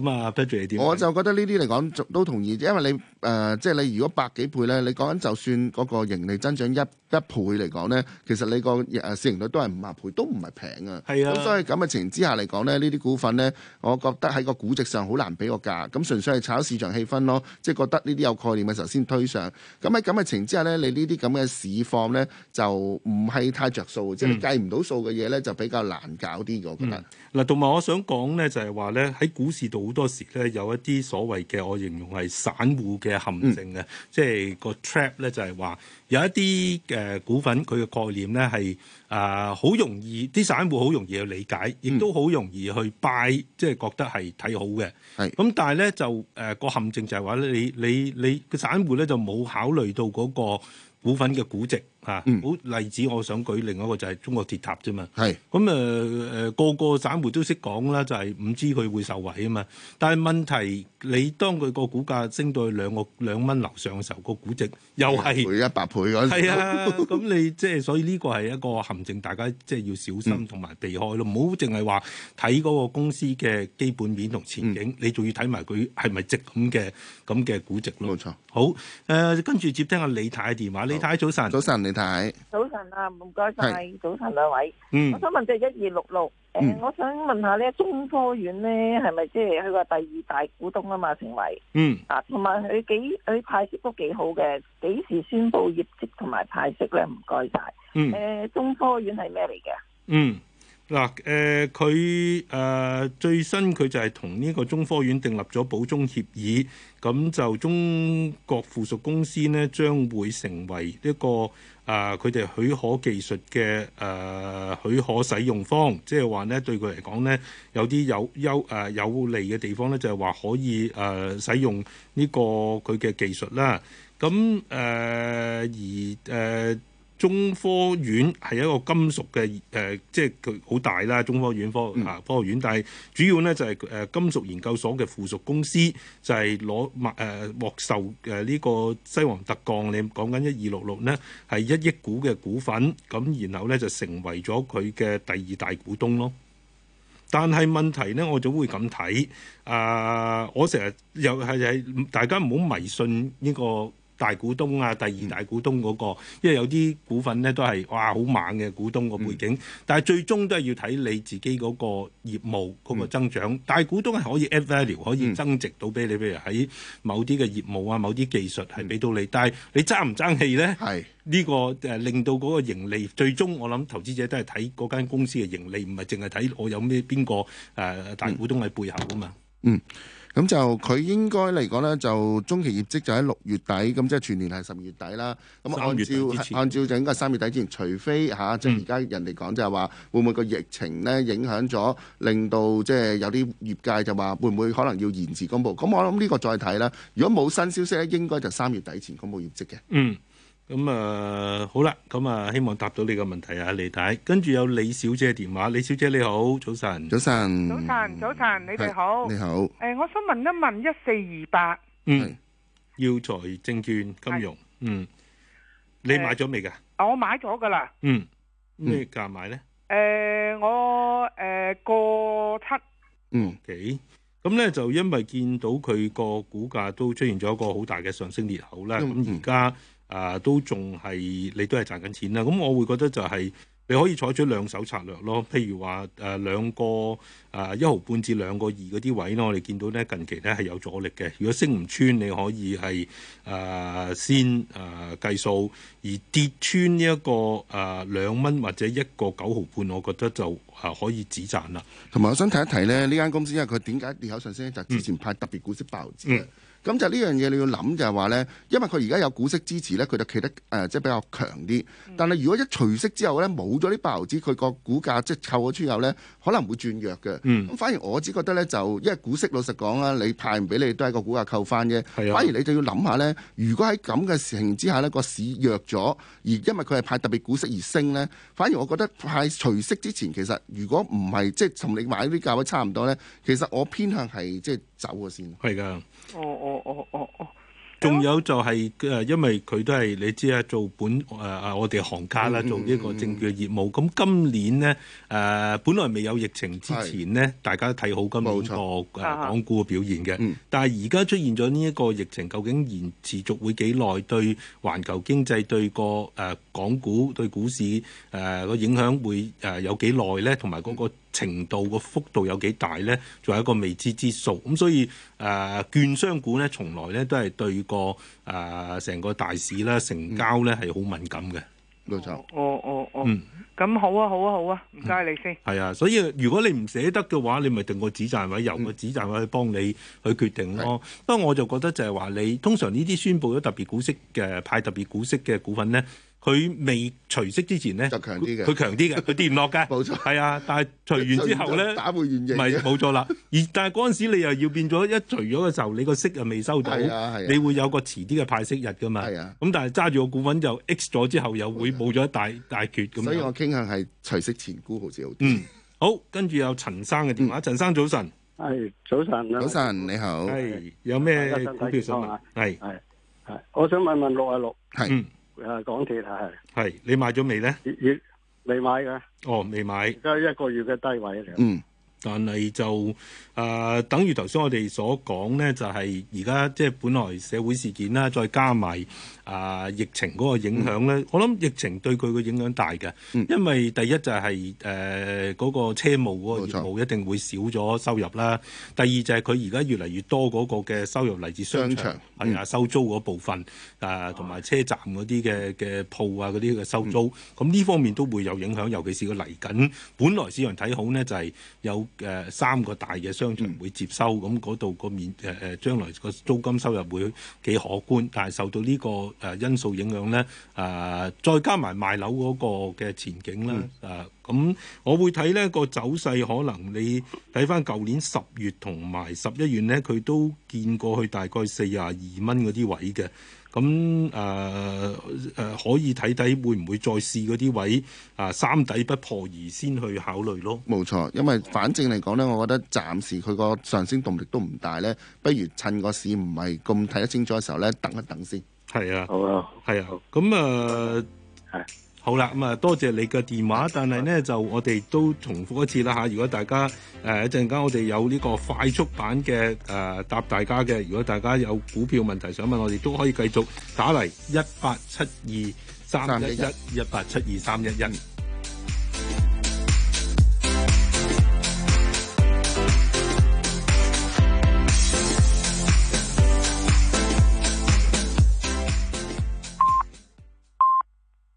咁啊，跟住嚟點？我就覺得呢啲嚟講，都同意，因為你誒、呃，即係你如果百幾倍咧，你講緊就算嗰個盈利增長一一倍嚟講咧，其實你個誒市盈率都係五廿倍，都唔係平啊。係啊。咁所以咁嘅情形之下嚟講咧，呢啲股份咧，我覺得喺個估值上好難俾個價。咁純粹係炒市場氣氛咯，即、就、係、是、覺得呢啲有概念嘅時候先推上。咁喺咁嘅情形之下咧，你呢啲咁嘅市況咧，嗯、就唔係太着數，即係你計唔到數嘅嘢咧，就比較難搞啲我覺得、嗯。嗱、嗯，同埋我想講咧，就係話咧，喺股市度好多時咧，有一啲所謂嘅我形容係散戶嘅陷阱嘅，即係、嗯、個 trap 咧，就係話。有一啲嘅股份，佢嘅概念咧係啊，好、呃、容易啲散戶好容、容易去理解，亦都好容易去拜，即係覺得係睇好嘅。係咁、嗯，但係咧就誒個、呃、陷阱就係話咧，你你你個散戶咧就冇考慮到嗰個股份嘅估值。啊，好、嗯、例子我想舉，另一個就係、是、中國鐵塔啫嘛。係是，咁誒誒個個省會都識講啦，就係、是、唔知佢會受惠啊嘛。但係問題，你當佢個股價升到去兩個兩蚊樓上嘅時候，個估值又係倍一百倍嗰係啊，咁 <laughs> 你即係所以呢個係一個陷阱，大家即係要小心同埋避開咯。唔好淨係話睇嗰個公司嘅基本面同前景，嗯、你仲要睇埋佢係咪值咁嘅咁嘅估值咯。冇錯。好，誒跟住接聽下李太嘅電話。李太，李太早，早晨。早晨，早晨。早晨啊，唔該晒，是早晨兩位，嗯、我想問就一二六六，誒，我想問下咧，中科院咧係咪即係佢個第二大股東啊嘛，成為，嗯，啊，同埋佢幾佢派息都幾好嘅，幾時宣布業績同埋派息咧？唔該晒，誒、嗯，中科院係咩嚟嘅？嗯。嗱，誒佢誒最新佢就係同呢個中科院訂立咗補充協議，咁就中國附屬公司呢將會成為一個誒佢哋許可技術嘅誒、呃、許可使用方，即係話呢，對佢嚟講呢，有啲有優誒有、呃、有利嘅地方呢，就係話可以誒、呃、使用呢個佢嘅技術啦，咁誒、呃、而誒。呃中科院係一個金屬嘅誒、呃，即係佢好大啦。中科院科、啊、科學院，但係主要咧就係誒金屬研究所嘅附屬公司，就係攞麥誒獲授呢、呃、個西王特鋼，你講緊一二六六呢係一億股嘅股份，咁然後咧就成為咗佢嘅第二大股東咯。但係問題呢，我就會咁睇啊！我成日又係係大家唔好迷信呢、這個。大股東啊，第二大股東嗰、那個，嗯、因為有啲股份咧都係哇好猛嘅股東個背景，嗯、但係最終都係要睇你自己嗰個業務嗰、嗯、個增長。大股東係可以 add value，可以增值到俾你，譬、嗯、如喺某啲嘅業務啊、某啲技術係俾到你，嗯、但係你爭唔爭氣咧？係呢是、這個誒、呃、令到嗰個盈利最終我諗投資者都係睇嗰間公司嘅盈利，唔係淨係睇我有咩邊個誒、呃、大股東喺背後啊嘛。嗯。嗯嗯咁就佢應該嚟講呢，就中期業績就喺六月底，咁即係全年係十二月底啦。咁按照按照就應該三月底之前，前除非嚇即係而家人哋講就係話，會唔會個疫情呢影響咗，令到即係有啲業界就話，會唔會可能要延遲公佈？咁我諗呢個再睇啦。如果冇新消息呢，應該就三月底前公佈業績嘅。嗯。咁啊、嗯，好啦，咁、嗯、啊，希望答到你個問題啊，李太。跟住有李小姐嘅電話，李小姐你好，早晨，早晨，早晨，早晨，你哋好，你好。誒、欸，我想問一問，一四二八，嗯，是耀才證券金融，嗯，是你買咗未噶？我買咗噶啦，嗯，咩價買咧？誒，我誒個七，嗯幾？咁咧就因為見到佢個股價都出現咗一個好大嘅上升裂口啦，咁而家。嗯啊、呃，都仲係你都係賺緊錢啦，咁我會覺得就係你可以採取兩手策略咯，譬如話誒、呃、兩個誒、呃、一毫半至兩個二嗰啲位咧，我哋見到咧近期咧係有阻力嘅，如果升唔穿，你可以係誒、呃、先誒、呃、計數，而跌穿呢一個誒、呃、兩蚊或者一個九毫半，我覺得就誒、呃、可以止賺啦。同埋我想提一提咧，呢間公司因為，佢點解裂口上升咧？就之前派特別股息八毫紙啊。嗯嗯。咁就呢樣嘢，你要諗就係話呢，因為佢而家有股息支持呢，佢就企得誒，即、呃、係、就是、比較強啲。但係如果一除息之後呢，冇咗啲八毫子，佢個股價即係、就是、扣咗出後呢，可能會轉弱嘅。咁、嗯、反而我只覺得呢，就因為股息老實講啦，你派唔俾你都係個股價扣翻嘅。的反而你就要諗下呢，如果喺咁嘅情形之下呢，個市弱咗，而因為佢係派特別股息而升呢，反而我覺得派除息之前其實如果唔係即係同你買啲價位差唔多呢，其實我偏向係即係走嘅先係哦哦哦哦哦，仲、oh, oh, oh, oh. 有就係、是、誒、呃，因為佢都係你知啊，做本誒誒、呃、我哋行家啦，嗯、做呢個證券業務。咁、嗯嗯、今年呢誒、呃、本來未有疫情之前呢，是大家都睇好今年、那個誒錯、呃、港股嘅表現嘅。啊、但係而家出現咗呢一個疫情，究竟延持續會幾耐？對環球經濟，對個誒港股、對股市誒個、呃、影響會誒有幾耐咧？同埋嗰個。嗯程度個幅度有幾大咧，仲有一個未知之數。咁、嗯、所以誒、呃，券商股咧，從來咧都係對個誒成個大市啦、成交咧係好敏感嘅。老周、嗯，哦哦哦，咁好啊，好、嗯、啊，好啊，唔該你先。係啊，所以如果你唔捨得嘅話，你咪定個止賺位，由個止賺位去幫你去決定咯、啊。不過是我就覺得就係話，你通常呢啲宣布咗特別股息嘅派特別股息嘅股份咧。佢未除息之前咧，就強啲嘅，佢強啲嘅，佢跌唔落嘅，冇錯，係啊。但係除完之後咧，打回原形，冇錯啦。而但係嗰陣時你又要變咗一除咗嘅時候，你個息又未收到，你會有個遲啲嘅派息日噶嘛。啊。咁但係揸住個股份就 X 咗之後又會冇咗大大缺咁樣。所以我傾向係除息前沽，好似好啲。嗯，好，跟住有陳生嘅電話，陳生早晨，係早晨，早晨你好，係有咩想問下？係係係，我想問問六啊六，係。啊，港鐵係係你買咗未咧？未買嘅。哦，未買。而家一個月嘅低位嚟。嗯，但係就誒、呃，等於頭先我哋所講咧，就係而家即係本來社會事件啦，再加埋。啊！疫情嗰個影響咧，我諗疫情對佢嘅影響大嘅，因為第一就係誒嗰個車務嗰個業務一定會少咗收入啦。第二就係佢而家越嚟越多嗰個嘅收入嚟自商場，係啊，收租嗰部分啊，同埋車站嗰啲嘅嘅鋪啊，嗰啲嘅收租，咁呢方面都會有影響。尤其是佢嚟緊，本來市場睇好呢，就係有誒三個大嘅商場會接收，咁嗰度個面誒誒，將來個租金收入會幾可觀，但係受到呢個。誒因素影響咧，誒、呃、再加埋賣樓嗰個嘅前景啦。誒咁、嗯呃、我會睇呢、個走勢。可能你睇返舊年十月同埋十一月咧，佢都見過去大概四十二蚊嗰啲位嘅。咁誒誒可以睇睇會唔會再試嗰啲位？誒、呃、三底不破而先去考慮咯。冇錯，因為反正嚟講咧，我覺得暫時佢個上升動力都唔大咧，不如趁個市唔係咁睇得清楚嘅時候咧，等一等先。係啊，啊，好啊，係啊，咁啊，係好啦，咁啊，多謝你嘅電話，但係咧就我哋都重複一次啦吓，如果大家誒一陣間我哋有呢個快速版嘅，誒、呃、答大家嘅，如果大家有股票問題想問我哋，都可以繼續打嚟一八七二三一一一八七二三一一。三一一。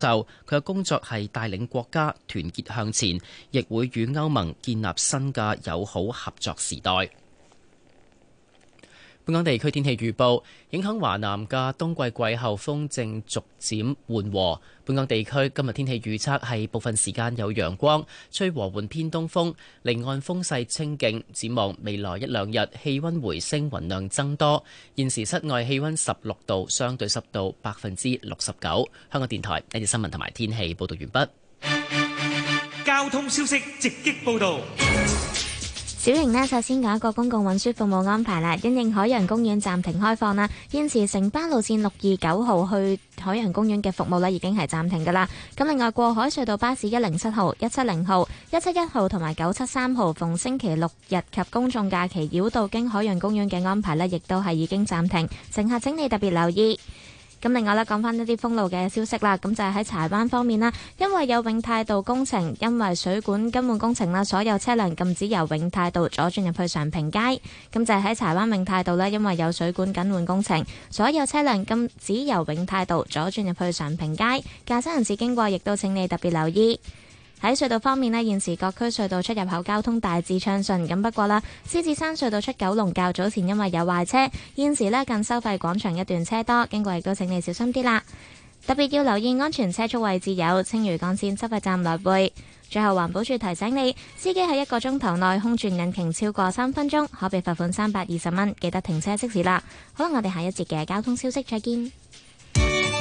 就佢嘅工作係帶領國家團結向前，亦會與歐盟建立新嘅友好合作時代。本港地區天氣預報，影響華南嘅冬季季候風正逐漸緩和。本港地區今日天氣預測係部分時間有陽光，吹和緩偏東風，離岸風勢清勁。展望未來一兩日，氣温回升，雲量增多。現時室外氣温十六度，相對濕度百分之六十九。香港電台呢住新聞同埋天氣報道完畢。交通消息直擊報道。小明呢，首先講一個公共運輸服務安排啦。因應海洋公園暫停開放啦，現時城巴路線六二九號去海洋公園嘅服務呢已經係暫停㗎啦。咁另外過海隧道巴士一零七號、一七零號、一七一號同埋九七三號，逢星期六日及公眾假期繞道經海洋公園嘅安排呢，亦都係已經暫停，乘客請你特別留意。咁另外咧，講翻一啲封路嘅消息啦。咁就係喺柴灣方面啦，因為有永泰道工程，因為水管更換工程啦，所有車輛禁止由永泰道左轉入去常平街。咁就係喺柴灣永泰道咧，因為有水管更換工程，所有車輛禁止由永泰道左轉入去常平街。駕駛人士經過，亦都請你特別留意。喺隧道方面呢，現時各區隧道出入口交通大致暢順。咁不過啦，獅子山隧道出九龍較早前因為有壞車，現時呢，近收費廣場一段車多，經過亦都請你小心啲啦。特別要留意安全車速位置，有青嶼幹線收費站來回。最後環保署提醒你，司機喺一個鐘頭內空轉引擎超過三分鐘，可被罰款三百二十蚊，記得停車熄匙啦。好啦，我哋下一節嘅交通消息再見。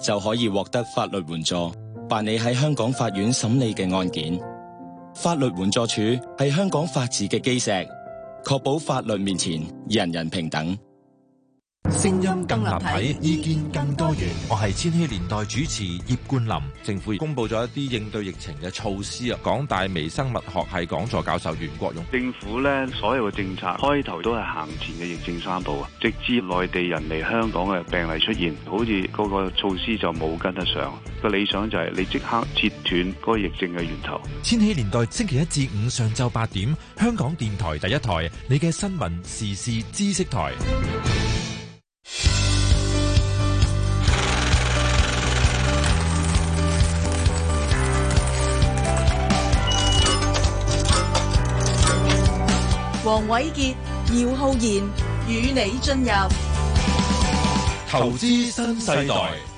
就可以獲得法律援助，辦理喺香港法院審理嘅案件。法律援助署係香港法治嘅基石，確保法律面前人人平等。聲音更立體，意見更多元。我係千禧年代主持葉冠霖。政府公布咗一啲應對疫情嘅措施啊！港大微生物學系講座教授袁國勇，政府呢，所有嘅政策開頭都係行前嘅疫症三步啊，直至內地人嚟香港嘅病例出現，好似嗰個措施就冇跟得上。個理想就係你即刻切斷嗰個疫症嘅源頭。千禧年代星期一至五上晝八點，香港電台第一台，你嘅新聞時事知識台。黃瑋傑、姚浩然與你進入投資新世代。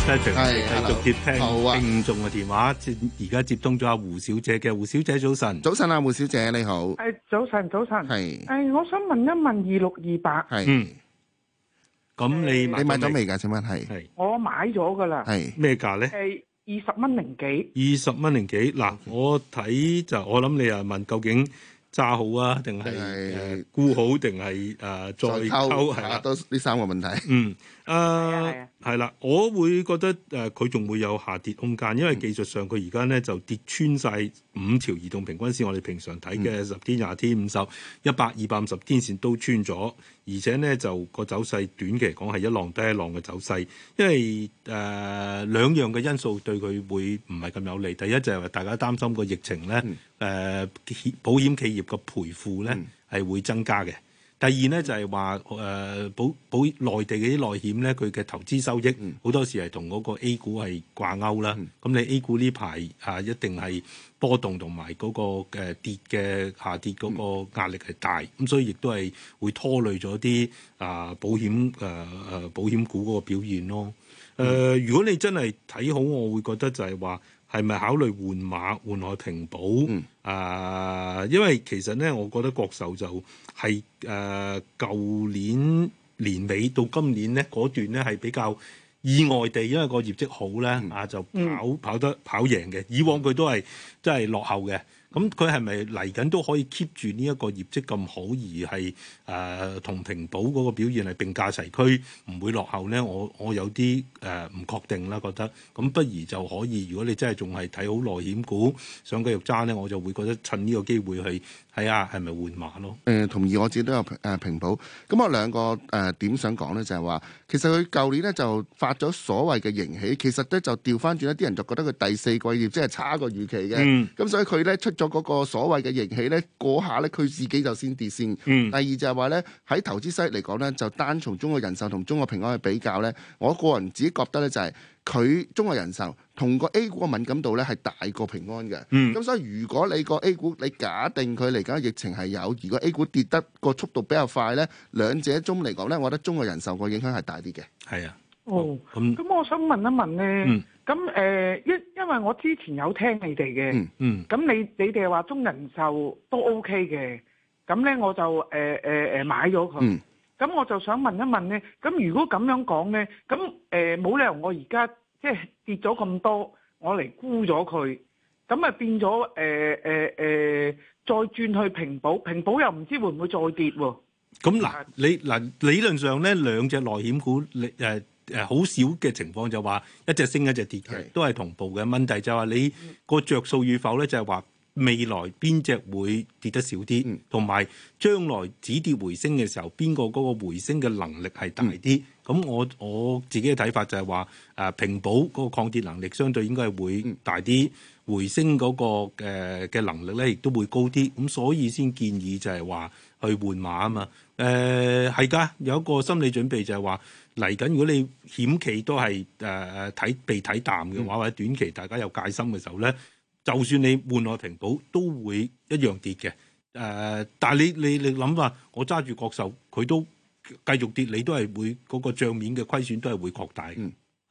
繼續接聽聽眾嘅電話，接而家接通咗阿胡小姐嘅。胡小姐早晨，早晨啊，胡小姐你好。係早晨，早晨。係。誒，我想問一問二六二八。係。嗯。咁你你買咗未？噶，請問係。係。我買咗噶啦。係。咩價咧？係二十蚊零幾。二十蚊零幾？嗱，我睇就我諗你又問究竟揸好啊，定係誒沽好，定係誒再溝係啦？多呢三個問題。嗯。誒係啦，我會覺得誒佢仲會有下跌空間，因為技術上佢而家咧就跌穿晒五條移動平均線，我哋平常睇嘅十天、廿天、五十、一百、二百五十天線都穿咗，而且咧就個走勢短期嚟講係一浪低一浪嘅走勢，因為誒、呃、兩樣嘅因素對佢會唔係咁有利，第一就係大家擔心個疫情咧，誒、嗯呃、保險企業個賠付咧係會增加嘅。第二咧就係話誒保保內地嘅啲內險咧，佢嘅投資收益好多時係同嗰個 A 股係掛鈎啦。咁、嗯、你 A 股呢排啊一定係波動同埋嗰個跌嘅下跌嗰個壓力係大，咁、嗯、所以亦都係會拖累咗啲啊保險誒誒保險股嗰個表現咯。誒、嗯呃，如果你真係睇好，我會覺得就係話係咪考慮換馬換外平保啊、嗯呃？因為其實咧，我覺得國壽就係誒舊年年尾到今年咧段咧係比較意外地，因為個業績好咧、嗯、啊，就跑跑得跑贏嘅。以往佢都係真係落後嘅。咁佢係咪嚟緊都可以 keep 住呢一個業績咁好，而係誒同平保嗰個表現係並駕齊驅，唔會落後咧？我我有啲誒唔確定啦，覺得咁不如就可以，如果你真係仲係睇好內險股，想繼續揸咧，我就會覺得趁呢個機會去睇下係咪換馬咯？誒、嗯，同意，我自己都有誒、呃、平保。咁我兩個誒、呃、點想講咧，就係話其實佢舊年咧就發咗所謂嘅盈喜，其實咧就調翻轉一啲人就覺得佢第四季業績係差過預期嘅。咁、嗯、所以佢咧出咗。嗰個所謂嘅熱氣呢，嗰下呢，佢自己就先跌先。嗯、第二就係話呢，喺投資西嚟講呢，就單從中國人壽同中國平安去比較呢，我個人自己覺得呢、就是，就係佢中國人壽同個 A 股嘅敏感度呢係大過平安嘅。咁、嗯、所以如果你個 A 股，你假定佢嚟緊疫情係有，如果 A 股跌得個速度比較快呢，兩者中嚟講呢，我覺得中國人壽個影響係大啲嘅。係啊，哦，咁。我想問一問呢。咁誒，因因為我之前有聽你哋嘅，咁你你哋話中人壽都 OK 嘅，咁咧我就誒誒誒買咗佢。咁我就想問一問咧，咁如果咁樣講咧，咁誒冇理由我而家即係跌咗咁多，我嚟沽咗佢，咁咪變咗誒誒誒再轉去平保，平保又唔知會唔會再跌喎？咁嗱，你嗱理論上咧兩隻內險股你誒。誒好少嘅情況就話一隻升一隻跌，都係同步嘅。問題就係、是、你個着數與否咧，就係話未來邊隻會跌得少啲，同埋將來止跌回升嘅時候，邊個嗰個回升嘅能力係大啲？咁、嗯、我我自己嘅睇法就係話，誒、呃、平保嗰個抗跌能力相對應該係會大啲，嗯、回升嗰、嗰個嘅、呃、能力咧亦都會高啲。咁所以先建議就係話去換馬啊嘛。誒係㗎，有一個心理準備就係話嚟緊，如果你險企都係誒誒睇被睇淡嘅話，嗯、或者短期大家有戒心嘅時候咧，就算你換落平保，都會一樣跌嘅。誒、呃，但係你你你諗啊，我揸住國壽，佢都繼續跌，你都係會嗰、那個帳面嘅虧損都係會擴大嘅。嗯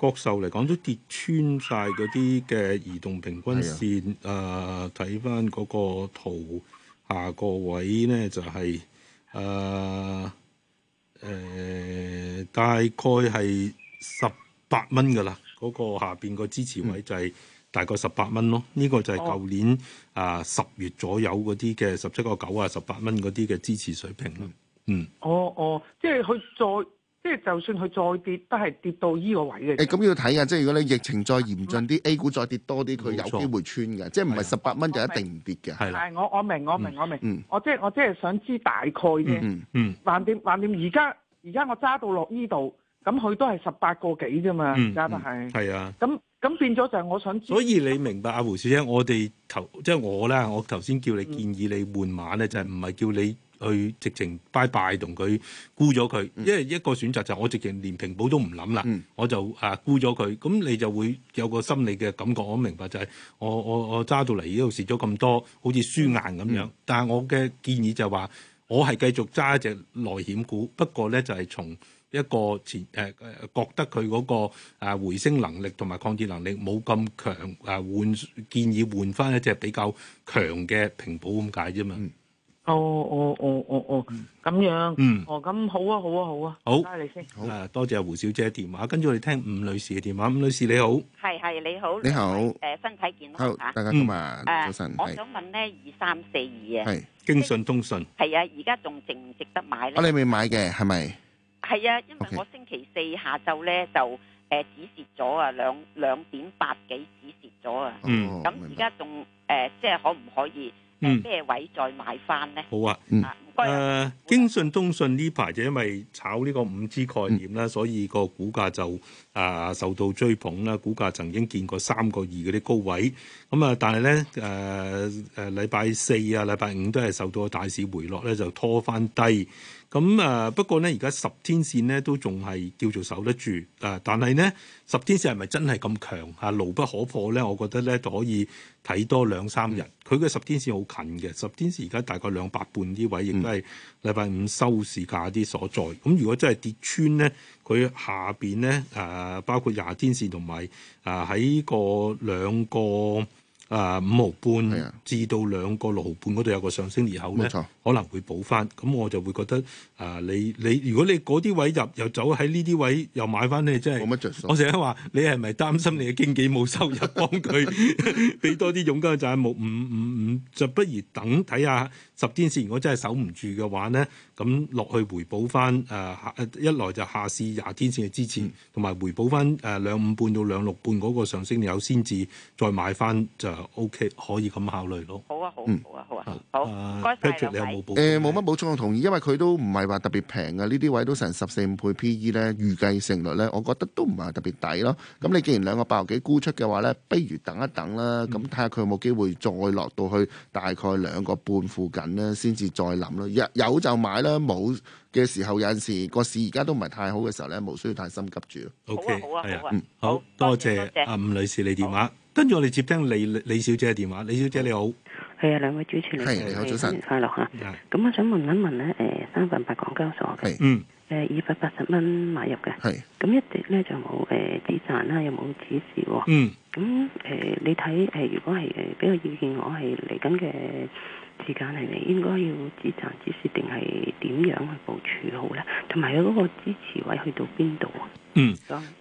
國壽嚟講都跌穿晒嗰啲嘅移動平均線，誒睇返嗰個圖下個位咧就係誒誒大概係十八蚊㗎喇，嗰、那個下邊個支持位就係大概十八蚊咯。呢、這個就係舊年啊十、哦呃、月左右嗰啲嘅十七個九啊十八蚊嗰啲嘅支持水平咯。嗯，哦哦，即係佢再。即係就算佢再跌，都係跌到依個位嘅。咁、欸、要睇下、啊，即係如果你疫情再嚴峻啲、嗯、，A 股再跌多啲，佢有機會穿嘅。錯即係唔係十八蚊就一定唔跌嘅？係。係我我明的我，我明、嗯、我明。我即係我即係想知大概嘅嗯嗯。橫掂橫掂。而家而家我揸到落依度，咁佢都係十八個幾啫嘛，揸得係。係啊是。咁咁、嗯嗯、變咗就係我想。所以你明白阿胡小姐，我哋頭即係我啦，我頭先叫你建議你換馬咧，就係唔係叫你？去直情拜拜，同佢沽咗佢，嗯、因為一個選擇就係我直情連平保都唔諗啦，嗯、我就啊沽咗佢。咁你就會有個心理嘅感覺，我明白就係我我我揸到嚟呢度蝕咗咁多，好似輸硬咁樣。嗯、但係我嘅建議就係話，我係繼續揸一隻內險股，不過呢，就係、是、從一個前誒、呃、覺得佢嗰個回升能力同埋抗跌能力冇咁強啊，換建議換翻一隻比較強嘅平保咁解啫嘛。嗯哦哦哦哦哦，咁樣，哦咁好啊好啊好啊，好，嚟先，好，多謝胡小姐電話，跟住我哋聽吳女士嘅電話。吳女士你好，係係你好，你好，誒，身體健康吓，大家中午早晨，我想問咧二三四二啊，係京信通訊，係啊，而家仲值唔值得買咧？我哋未買嘅係咪？係啊，因為我星期四下晝咧就誒止蝕咗啊，兩兩點八幾止蝕咗啊，咁而家仲誒即係可唔可以？嗯，咩、呃、位再買翻咧？好啊，誒京信通信呢排就因為炒呢個五 G 概念啦，嗯、所以個股價就啊、呃、受到追捧啦，股價曾經見過三個二嗰啲高位，咁、嗯、啊但係咧誒誒禮拜四啊禮拜五都係受到大市回落咧，就拖翻低。咁啊，不過咧，而家十天線咧都仲係叫做守得住啊。但係咧，十天線係咪真係咁強啊牢、啊、不可破咧？我覺得咧就可以睇多、多兩三日。佢嘅、嗯、十天線好近嘅，十天線而家大概兩百半啲位，亦都係禮拜五收市價啲所在。咁、啊、如果真係跌穿咧，佢下邊咧誒，包括廿天線同埋啊喺個兩個。啊，五毫半至到兩個六毫半嗰度有個上升裂口咧，可能會補翻，咁我就會覺得。啊！你，你如果你嗰啲位入，又走喺呢啲位又買翻，你真係冇乜著數。我成日話你係咪擔心你嘅經紀冇收入，幫佢俾 <laughs> <laughs> 多啲佣金就係冇五五五,五,五，就不如等睇下十天線，如果真係守唔住嘅話咧，咁落、嗯、去回補翻啊！一來就下市廿天線嘅支持，同埋、嗯、回補翻誒兩五半到兩六半嗰個上升有先至再買翻就 OK，可以咁考慮咯。好啊，好啊，好啊，好啊，嗯、好啊！唔該曬你有冇補、啊。誒，冇乜補充，我同意，因為佢都唔係。話特別平嘅呢啲位都成十四五倍 P/E 咧，預計勝率咧，我覺得都唔係特別抵咯。咁你既然兩個百幾沽出嘅話咧，不如等一等啦，咁睇下佢有冇機會再落到去大概兩個半附近咧，先至再諗咯。有有就買啦，冇嘅時候，有陣時個市而家都唔係太好嘅時候咧，冇需要太心急住。OK，好啊，好啊，好啊。好多謝阿吳女士你電話，跟住我哋接聽李李小姐嘅電話。李小姐你好。係啊， <noise> 兩位主持，你好的，早晨，新年快樂嚇！咁的我想問一問咧，誒三八八港交所嘅，誒二百八十蚊買入嘅，咁的一直咧就冇誒止賺啦，有冇止蝕喎、哦？嗯，咁誒、呃、你睇誒、呃，如果係誒俾個意見，我係嚟緊嘅時間係你應該要止賺止蝕定係點樣去部署好咧？同埋嗰個支持位去到邊度啊？嗯，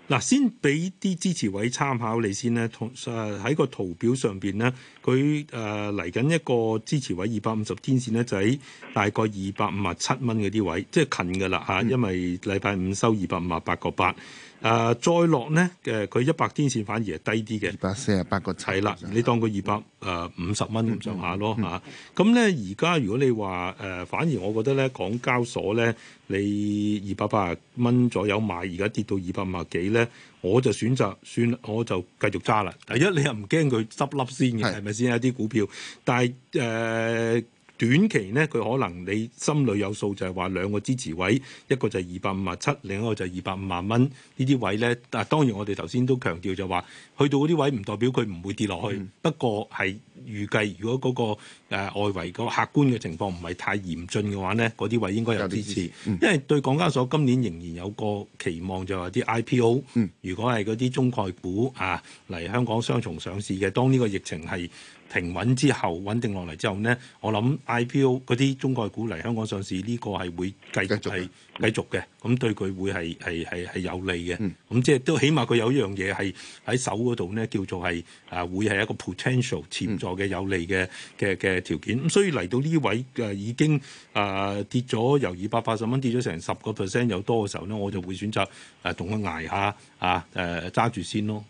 嗱，先俾啲支持位參考你先咧，同誒喺個圖表上邊咧，佢誒嚟緊一個支持位二百五十天線咧，就喺大概二百五啊七蚊嗰啲位，即係近噶啦嚇，因為禮拜五收二百五啊八個八。誒、呃、再落咧，誒佢一百天線反而係低啲嘅，二百四十八個掣啦，你當佢二百誒五十蚊咁上下咯嚇。咁咧而家如果你話誒、呃，反而我覺得咧，港交所咧，你二百八十蚊左右買，而家跌到二百五十幾咧，我就選擇算，我就繼續揸啦。第一，你又唔驚佢執笠先嘅，係咪先啊啲股票？但係誒。呃短期咧，佢可能你心裏有數，就係話兩個支持位，一個就係二百五十七，另一個就係二百五十蚊呢啲位咧。但、啊、係當然我，我哋頭先都強調，就話去到嗰啲位唔代表佢唔會跌落去。嗯、不過係預計，如果嗰、嗰個誒、呃、外圍個客觀嘅情況唔係太嚴峻嘅話呢，咧，嗰啲位應該有支持。支持嗯、因為對港交所今年仍然有個期望就 o,、嗯，就話啲 IPO，如果係嗰啲中概股啊嚟香港雙重上市嘅，當呢個疫情係停穩之後穩定落嚟之後咧，我諗 IPO 嗰啲中概股嚟香港上市呢個係會繼續係繼續嘅，咁對佢會係係係係有利嘅。咁、嗯、即係都起碼佢有一樣嘢係喺手嗰度咧，叫做係啊會係一個 potential 潛在嘅、嗯、有利嘅嘅嘅條件。咁所以嚟到呢位嘅、呃、已經啊、呃、跌咗由二百八十蚊跌咗成十個 percent 有多嘅時候咧，我就會選擇誒同佢挨下啊誒揸住先咯。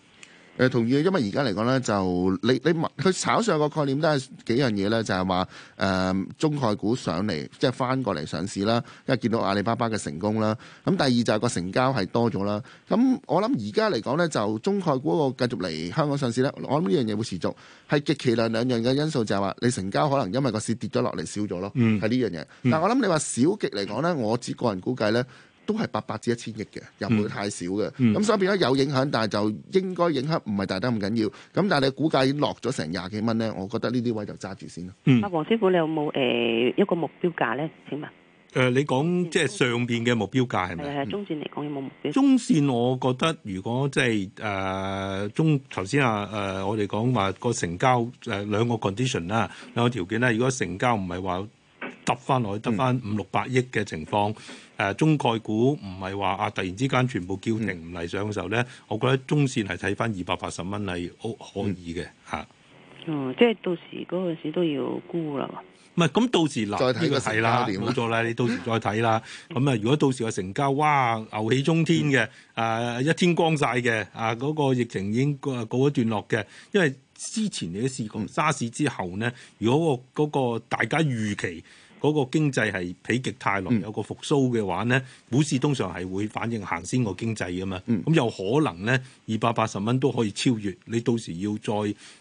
誒同意，因為而家嚟講咧，就你你佢炒上個概念都係幾樣嘢咧，就係話誒中概股上嚟，即係翻過嚟上市啦，因為見到阿里巴巴嘅成功啦。咁第二就係個成交係多咗啦。咁我諗而家嚟講咧，就中概股嗰個繼續嚟香港上市咧，我諗呢樣嘢會持續。係極其量兩樣嘅因素，就係話你成交可能因為個市跌咗落嚟少咗咯，係呢樣嘢。嗯、但係我諗你話小極嚟講咧，我個人估計咧。都係八百至一千億嘅，又唔會太少嘅。咁、嗯、所以變咗有影響，但係就應該影響唔係大得咁緊要。咁但係你股價落咗成廿幾蚊咧，我覺得呢啲位就揸住先啦。啊、嗯，黃師傅，你有冇誒、呃、一個目標價咧？請問誒，你講即係上邊嘅目標價係咪？誒，中線嚟講有冇目標？中線我覺得如果即係誒中頭先啊誒，我哋講話個成交誒、呃、兩個 condition 啦，兩個條件啦，如果成交唔係話揼翻落去，揼翻五六百億嘅情況。嗯誒中概股唔係話啊，突然之間全部叫停唔嚟上嘅時候咧，嗯、我覺得中線係睇翻二百八十蚊係可可以嘅嚇。哦，即係到時嗰個市都要估啦。唔係錯，咁到時嗱，呢個係啦，冇錯啦，你到時再睇啦。咁啊， <coughs> 嗯、如果到時個成交哇，牛氣沖天嘅，誒、嗯啊、一天光晒嘅，啊嗰、那個疫情已經告一段落嘅，因為之前你都試過沙士之後咧，如果我嗰個大家預期。嗰個經濟係否極泰來，有個復甦嘅話咧，股市通常係會反映行先個經濟㗎嘛，咁、嗯、有可能咧，二百八十蚊都可以超越，你到時要再。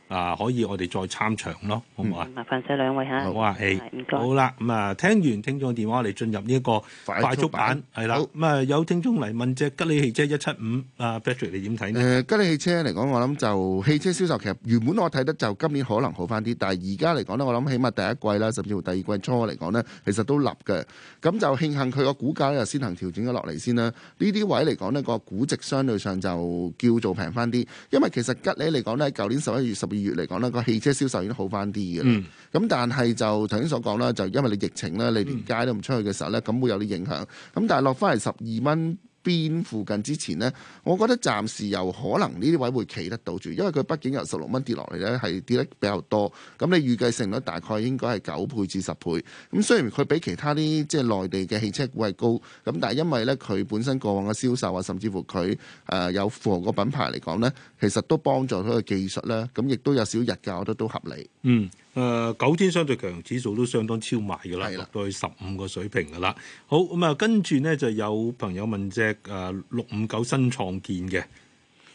啊，可以我哋再參場咯，好唔好啊？麻煩晒兩位嚇，好啊，唔該。好啦，咁、嗯、啊，聽完聽眾電話，我哋進入呢一個快速版，係啦。咁啊的好、嗯，有聽眾嚟問隻吉利汽車一七五，阿 Patrick 你點睇呢？呃，吉利汽車嚟講，我諗就汽車銷售其實原本我睇得就今年可能好翻啲，但係而家嚟講呢，我諗起碼第一季啦，甚至乎第二季初嚟講呢，其實都立嘅。咁就慶幸佢個股價又先行調整咗落嚟先啦。呢啲位嚟講呢，個估值相對上就叫做平翻啲，因為其實吉利嚟講呢，舊年十一月十二。月嚟講咧，個汽車銷售已經好翻啲嘅啦。咁、嗯、但係就頭先所講啦，就因為你疫情咧，嗯、你連街都唔出去嘅時候咧，咁會有啲影響。咁但係落翻嚟十二蚊邊附近之前呢，我覺得暫時有可能呢啲位會企得到住，因為佢畢竟由十六蚊跌落嚟呢，係跌得比較多。咁你預計性率大概應該係九倍至十倍。咁雖然佢比其他啲即係內地嘅汽車股係高，咁但係因為呢，佢本身過往嘅銷售啊，甚至乎佢誒、呃、有富豪個品牌嚟講呢，其實都幫助佢個技術咧。咁亦都有少日價，我覺得都合理。嗯。誒九天相對強弱指數都相當超賣㗎啦，係啦的，對十五個水平㗎啦。好咁啊，跟住咧就有朋友問隻誒六五九新創建嘅。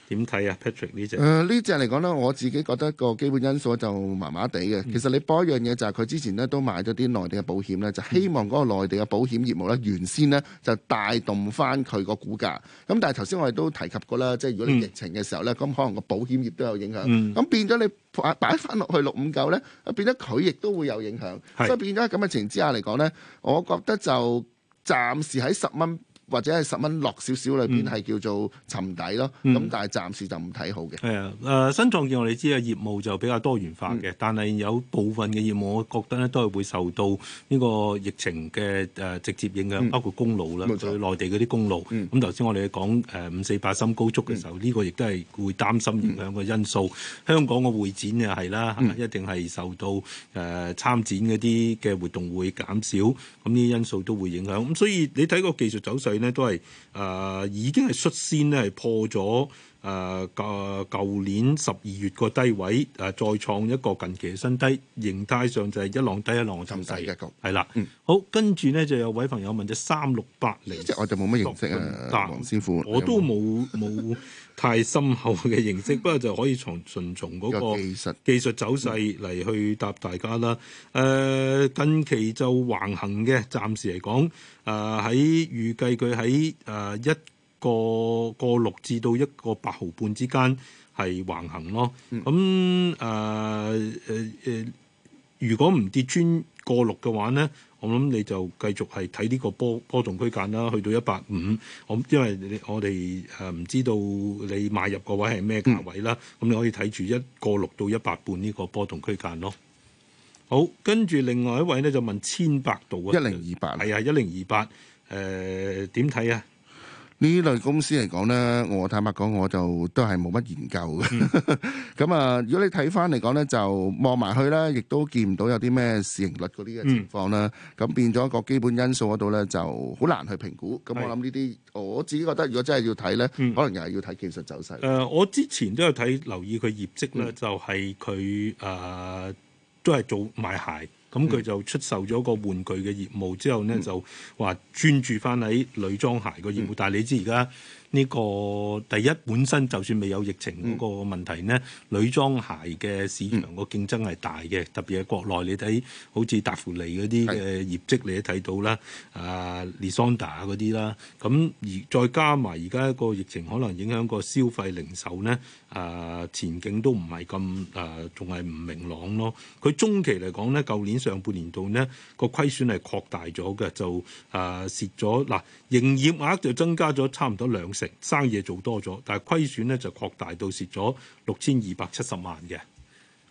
點睇啊，Patrick 呢隻？誒呢隻嚟講咧，我自己覺得個基本因素就麻麻地嘅。嗯、其實你播一樣嘢就係、是、佢之前咧都買咗啲內地嘅保險咧，就希望嗰個內地嘅保險業務咧原先咧就帶動翻佢個股價。咁但係頭先我哋都提及過啦，即係如果你疫情嘅時候咧，咁、嗯、可能個保險業都有影響。咁、嗯、變咗你擺擺翻落去六五九咧，變咗佢亦都會有影響。是所以變咗咁嘅情形之下嚟講咧，我覺得就暫時喺十蚊。或者係十蚊落少少裏邊係叫做沉底咯，咁但係暫時就唔睇好嘅。係啊，誒新創建我哋知嘅業務就比較多元化嘅，但係有部分嘅業務，我覺得咧都係會受到呢個疫情嘅誒直接影響，包括公路啦，就內地嗰啲公路。咁頭先我哋講誒五四八深高速嘅時候，呢個亦都係會擔心影響嘅因素。香港個會展又係啦，一定係受到誒參展嗰啲嘅活動會減少，咁呢啲因素都會影響。咁所以你睇個技術走勢。佢咧都係誒、呃，已經係率先咧係破咗。誒舊舊年十二月個低位誒、呃，再創一個近期嘅新低，形態上就係一浪低一浪深低，係啦。的嗯、好，跟住咧就有位朋友問：即三六八零，即我就冇乜認識啊，黃、啊、先富，我都冇冇 <laughs> 太深厚嘅認識，不過就可以從順從嗰個技術技術走勢嚟去答大家啦。誒、呃，近期就橫行嘅，暫時嚟講，誒、呃、喺預計佢喺誒一。呃個個六至到一個八毫半之間係橫行咯。咁誒誒誒，如果唔跌穿過六嘅話咧，我諗你就繼續係睇呢個波波動區間啦。去到一百五，我因為你我哋誒唔知道你買入個位係咩價位啦。咁、嗯嗯、你可以睇住一個六到一百半呢個波動區間咯。好，跟住另外一位咧就問千百度28、呃、啊，一零二八係啊，一零二八誒，點睇啊？呢類公司嚟講呢，我坦白講我就都係冇乜研究嘅。咁啊、嗯， <laughs> 如果你睇返嚟講呢就望埋去啦，亦都見唔到有啲咩市盈率嗰啲嘅情況啦。咁、嗯、變咗個基本因素嗰度呢，就好難去評估。咁我諗呢啲，是我自己覺得如果真係要睇呢，嗯、可能又係要睇技術走勢。誒、呃，我之前都有睇留意佢業績呢，嗯、就係佢誒都係做賣鞋。咁佢、嗯、就出售咗個玩具嘅業務之後呢，嗯、就話專注翻喺女裝鞋個業務。嗯、但係你知而家。呢個第一本身就算未有疫情嗰個問題咧，女裝鞋嘅市場個競爭係大嘅，特別係國內，你睇好似達芙妮嗰啲嘅業績你都睇到啦，啊列桑達嗰啲啦，咁而再加埋而家一個疫情可能影響個消費零售咧，啊前景都唔係咁誒，仲係唔明朗咯。佢中期嚟講咧，舊年上半年度咧個虧損係擴大咗嘅，就誒蝕咗嗱營業額就增加咗差唔多兩。生意做多咗，但係虧損咧就擴大到蝕咗六千二百七十萬嘅。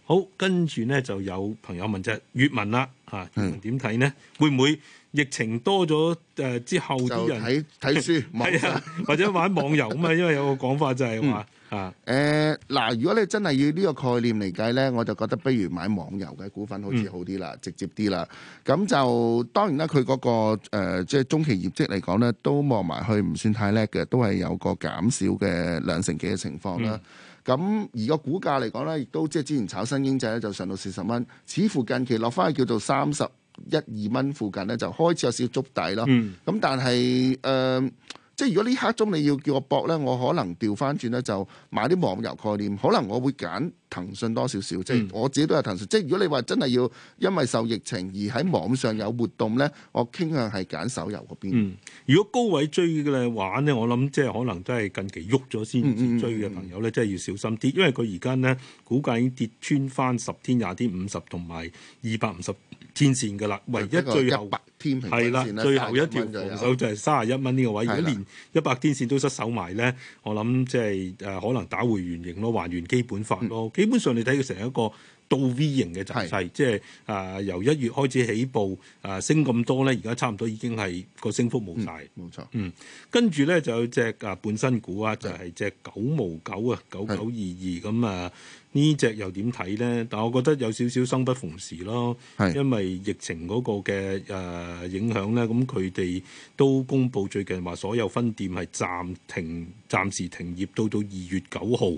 好，跟住咧就有朋友問即係，閱是、啊、文啦，吓閱文點睇咧？會唔會疫情多咗誒、呃、之後啲人睇睇書，係 <laughs> 啊， <laughs> 或者玩網遊咁啊？ <laughs> 因為有個講法就係、是、話。嗯啊！嗱、嗯，如果你真係要呢個概念嚟計呢，我就覺得不如買網遊嘅股份好似好啲啦，嗯、直接啲啦。咁就當然啦，佢嗰、嗰個、呃、即係中期業績嚟講呢，都望埋去唔算太叻嘅，都係有個減少嘅兩成幾嘅情況啦。咁、嗯、而個股價嚟講呢，亦都即係之前炒新經濟呢，就上到四十蚊，似乎近期落翻去叫做三十一二蚊附近呢，就開始有少少縮底咯。咁、嗯、但係誒。呃即係如果呢刻鐘你要叫我搏呢，我可能調翻轉呢，就買啲網遊概念，可能我會揀騰訊多少少。即係我自己都係騰訊。嗯、即係如果你話真係要因為受疫情而喺網上有活動呢，我傾向係揀手遊嗰邊。嗯，如果高位追嘅話呢，我諗即係可能都係近期喐咗先至追嘅朋友呢，嗯嗯嗯、真係要小心啲，因為佢而家呢，估價已經跌穿翻十天廿天五十同埋二百五十天線嘅啦，唯一最後天線係啦，最後一條防守就係三十一蚊呢個位。的如果連一百天線都失守埋咧，的我諗即係誒可能打回原形咯，還原基本法咯。的基本上你睇佢成一個倒 V 型嘅走勢，的即係誒、呃、由一月開始起步誒、呃、升咁多咧，而家差唔多已經係個升幅冇晒。冇、嗯、錯，嗯，跟住咧就有隻誒半新股啊，就係隻九毛九啊，九九二二咁啊。呢隻又點睇呢？但我覺得有少少生不逢時咯，是因為疫情嗰個嘅誒、呃、影響呢，咁佢哋都公布最近話所有分店係暫停、暫時停業到，到到二月九號。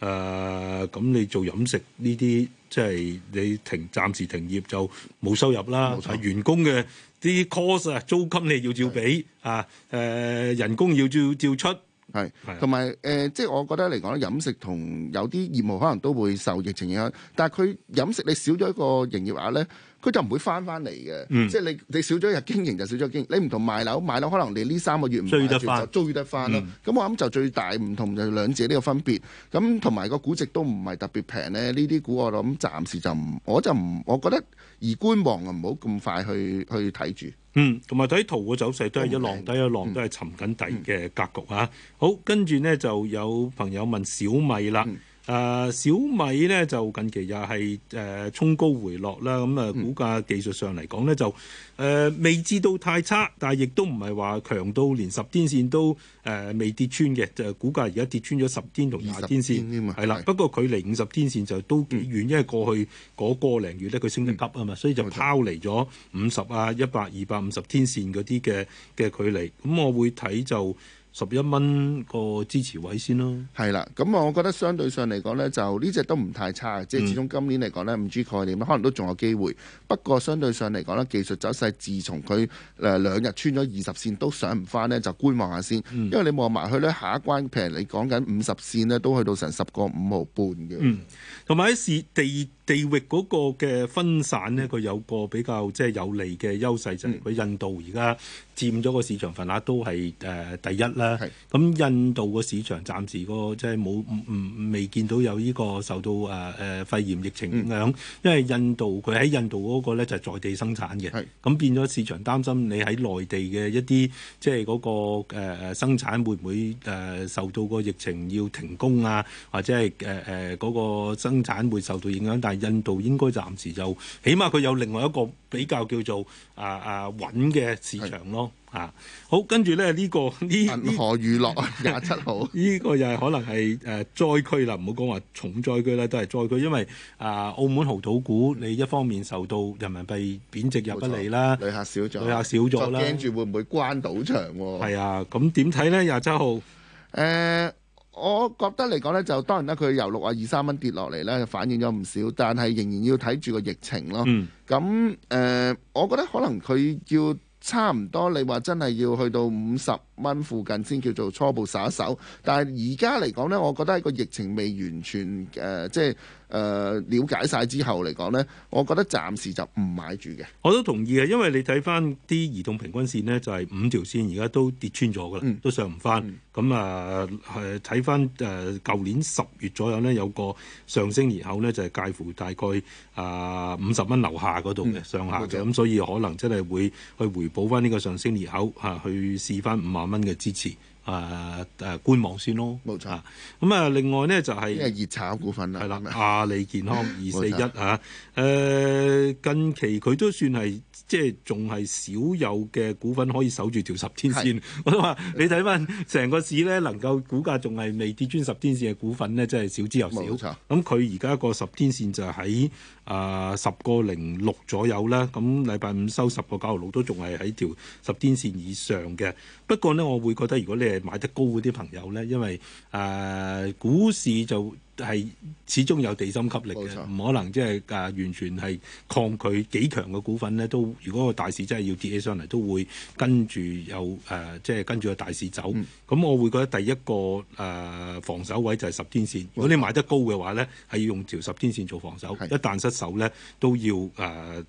誒，咁你做飲食呢啲，即係你停暫時停業就冇收入啦。錯員工嘅啲 cost 啊、租金你要照俾啊，誒是、呃、人工要照照出。係，同埋誒，即係我覺得嚟講咧，飲食同有啲業務可能都會受疫情影響，但係佢飲食你少咗一個營業額咧。佢就唔會翻翻嚟嘅，嗯、即係你你少咗一日經營就少咗經營。你唔同賣樓，賣樓可能你呢三個月唔追得翻，就追得翻咯。咁、嗯、我諗就最大唔同就兩者呢個分別。咁同埋個估值都唔係特別平咧，呢啲股我諗暫時就唔，我就唔，我覺得而觀望啊，唔好咁快去去睇住。嗯，同埋睇圖嘅走勢都係一浪低一浪都係沉緊底嘅格局啊。嗯嗯、好，跟住呢，就有朋友問小米啦。嗯誒、uh, 小米咧就近期又係誒衝高回落啦，咁、嗯、啊股價技術上嚟講咧就誒、uh, 未至到太差，但係亦都唔係話強到連十天線都誒、uh, 未跌穿嘅，就係股價而家跌穿咗十天同廿天線，係啦。是不過距離五十天線就都幾遠，因為過去嗰個零月咧佢升得急啊嘛，嗯、所以就拋離咗五十啊一百二百五十天線嗰啲嘅嘅距離。咁我會睇就。十一蚊個支持位先咯，係啦，咁啊，我覺得相對上嚟講呢，就呢隻都唔太差，即係始終今年嚟講呢，五 G、嗯、概念可能都仲有機會，不過相對上嚟講呢，技術走勢，自從佢誒兩日穿咗二十線都上唔翻呢，就觀望下先，嗯、因為你望埋去呢，下一關平，譬如你講緊五十線呢，都去到成十個五毫半嘅，同埋啲第二。地域嗰個嘅分散咧，佢有個比較即係、就是、有利嘅優勢，就係、是、佢印度而家佔咗個市場份額都係誒、呃、第一啦。咁是、嗯、印度個市場暫時個即係冇唔未見到有呢個受到誒誒、呃呃、肺炎疫情影響，嗯、因為印度佢喺印度嗰個咧就係、是、在地生產嘅。咁是、嗯、變咗市場擔心你喺內地嘅一啲即係嗰個誒誒、呃、生產會唔會誒、呃、受到個疫情要停工啊，或者係誒誒嗰個生產會受到影響，但印度應該暫時就，起碼佢有另外一個比較叫做啊啊穩嘅市場咯，是啊好跟住咧呢個呢？這個、 <laughs> 銀河娛樂廿七號呢個又係可能係誒災區啦，唔好講話重災區啦，都係災區，因為啊澳門豪賭股你一方面受到人民幣貶值入不嚟啦，旅客少咗，旅客少咗啦，驚住會唔會關賭場喎？係啊，咁點睇咧廿七號？誒。我覺得嚟講呢，就當然啦，佢由六啊二三蚊跌落嚟呢，反映咗唔少，但係仍然要睇住個疫情咯。咁誒、嗯嗯，我覺得可能佢要差唔多，你話真係要去到五十蚊附近先叫做初步耍手，但係而家嚟講咧，我覺得係個疫情未完全誒、呃、即係誒、呃、了解晒之後嚟講咧，我覺得暫時就唔買住嘅。我都同意嘅，因為你睇翻啲移動平均線咧，就係、是、五條線而家都跌穿咗噶啦，都上唔翻。咁啊、嗯，係睇翻誒舊年十月左右咧，有個上升裂口咧，就係、是、介乎大概啊五十蚊樓下嗰度嘅上下嘅，咁冇錯、嗯、所以可能真係會去回補翻呢個上升裂口吓去試翻五萬。蚊嘅支持，啊、呃，誒、呃，觀望先咯，冇錯錯。咁啊，另外咧就係、是、熱炒股份啦，係啦，阿里健康二四一嚇，誒、啊呃，近期佢都算係。即係仲係少有嘅股份可以守住條十天線是，我都話你睇翻成個市咧，能夠股價仲係未跌穿十天線嘅股份咧，真係少之又少。冇錯。咁佢而家個十天線就喺啊十個零六左右啦。咁禮拜五收十個九毫六都仲係喺條十天線以上嘅。不過呢，我會覺得如果你係買得高嗰啲朋友咧，因為誒、呃、股市就。係始終有地心吸力嘅，唔可能即係誒完全係抗拒幾強嘅股份咧。都如果個大市真係要跌起上嚟，都會跟住有，誒即係跟住個大市走。咁、嗯、我會覺得第一個誒、啊、防守位就係十天線。欸、如果你買得高嘅話咧，係要用條十天線做防守，一旦失守咧都要誒誒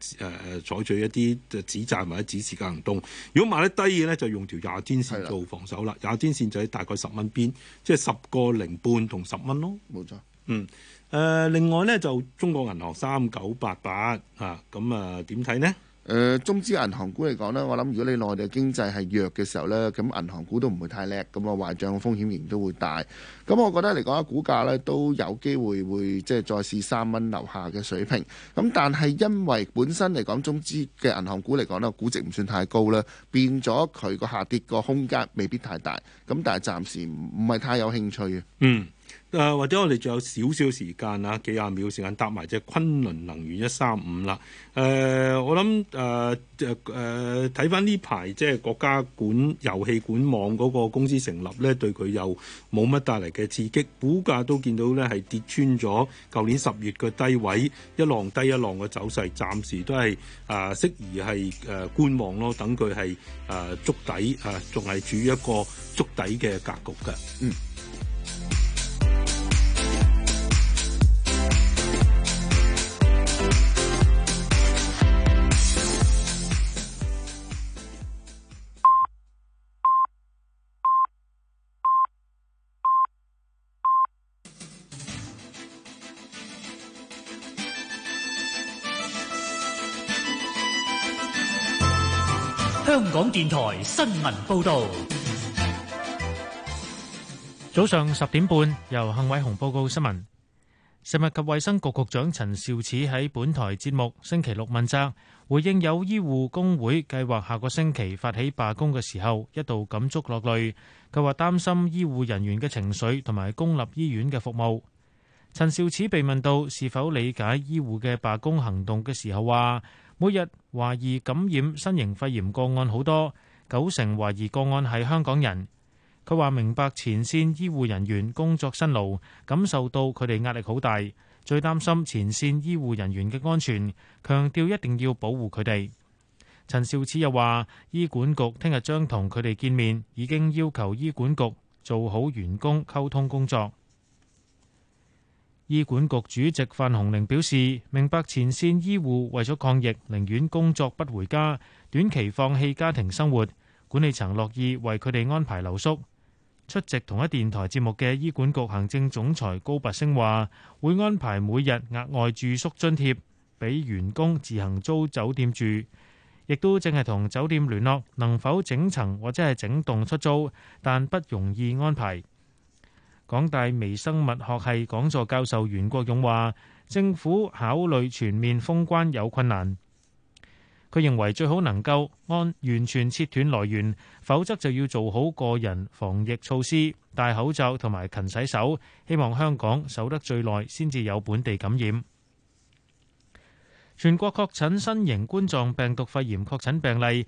採取一啲止賺或者止蝕嘅行動。如果買得低嘅咧，就用條廿天線做防守啦。廿天線就喺大概十蚊邊，即係十個零半同十蚊咯。冇錯。嗯，誒，另外咧，就中國銀行三九八八吓，咁啊點睇咧？誒，中資銀行股嚟講咧，我諗如果你內地經濟係弱嘅時候咧，咁銀行股都唔會太叻，咁啊壞賬風險亦都會大。咁我覺得嚟講，股價咧都有機會會即係再試三蚊樓下嘅水平。咁但係因為本身嚟講中資嘅銀行股嚟講咧，估值唔算太高啦，變咗佢個下跌個空間未必太大。咁但係暫時唔係太有興趣嘅。嗯。誒、呃、或者我哋仲有少少時間啊，幾廿秒時間搭埋隻崑崙能源一三五啦。誒、呃，我諗誒誒睇翻呢排即係國家管油氣管網嗰個公司成立咧，對佢又冇乜帶嚟嘅刺激，股價都見到咧係跌穿咗舊年十月嘅低位，一浪低一浪嘅走勢，暫時都係誒、呃、適宜係誒、呃、觀望咯，等佢係誒築底誒，仲、呃、係處於一個築底嘅格局嘅，嗯。香港電台新聞報道，早上十點半，由幸偉雄報告新聞。食物及衛生局局長陳肇始喺本台節目星期六問責，回應有醫護工會計劃下個星期發起罷工嘅時候，一度感觸落淚。佢話擔心醫護人員嘅情緒同埋公立醫院嘅服務。陳肇始被問到是否理解醫護嘅罷工行動嘅時候，話。每日懷疑感染新型肺炎個案好多，九成懷疑個案係香港人。佢話明白前線醫護人員工作辛勞，感受到佢哋壓力好大，最擔心前線醫護人員嘅安全，強調一定要保護佢哋。陳肇始又話，醫管局聽日將同佢哋見面，已經要求醫管局做好員工溝通工作。醫管局主席范鴻齡表示，明白前線醫護為咗抗疫，寧願工作不回家，短期放棄家庭生活。管理層樂意為佢哋安排留宿。出席同一電台節目嘅醫管局行政總裁高拔升話，會安排每日額外住宿津貼，俾員工自行租酒店住。亦都正係同酒店聯絡，能否整層或者係整棟出租，但不容易安排。港大微生物學系講座教授袁國勇話，政府考慮全面封關有困難。佢認為最好能夠按完全切斷來源，否則就要做好個人防疫措施，戴口罩同埋勤洗手。希望香港守得最耐，先至有本地感染。全國確診新型冠狀病毒肺炎確診病例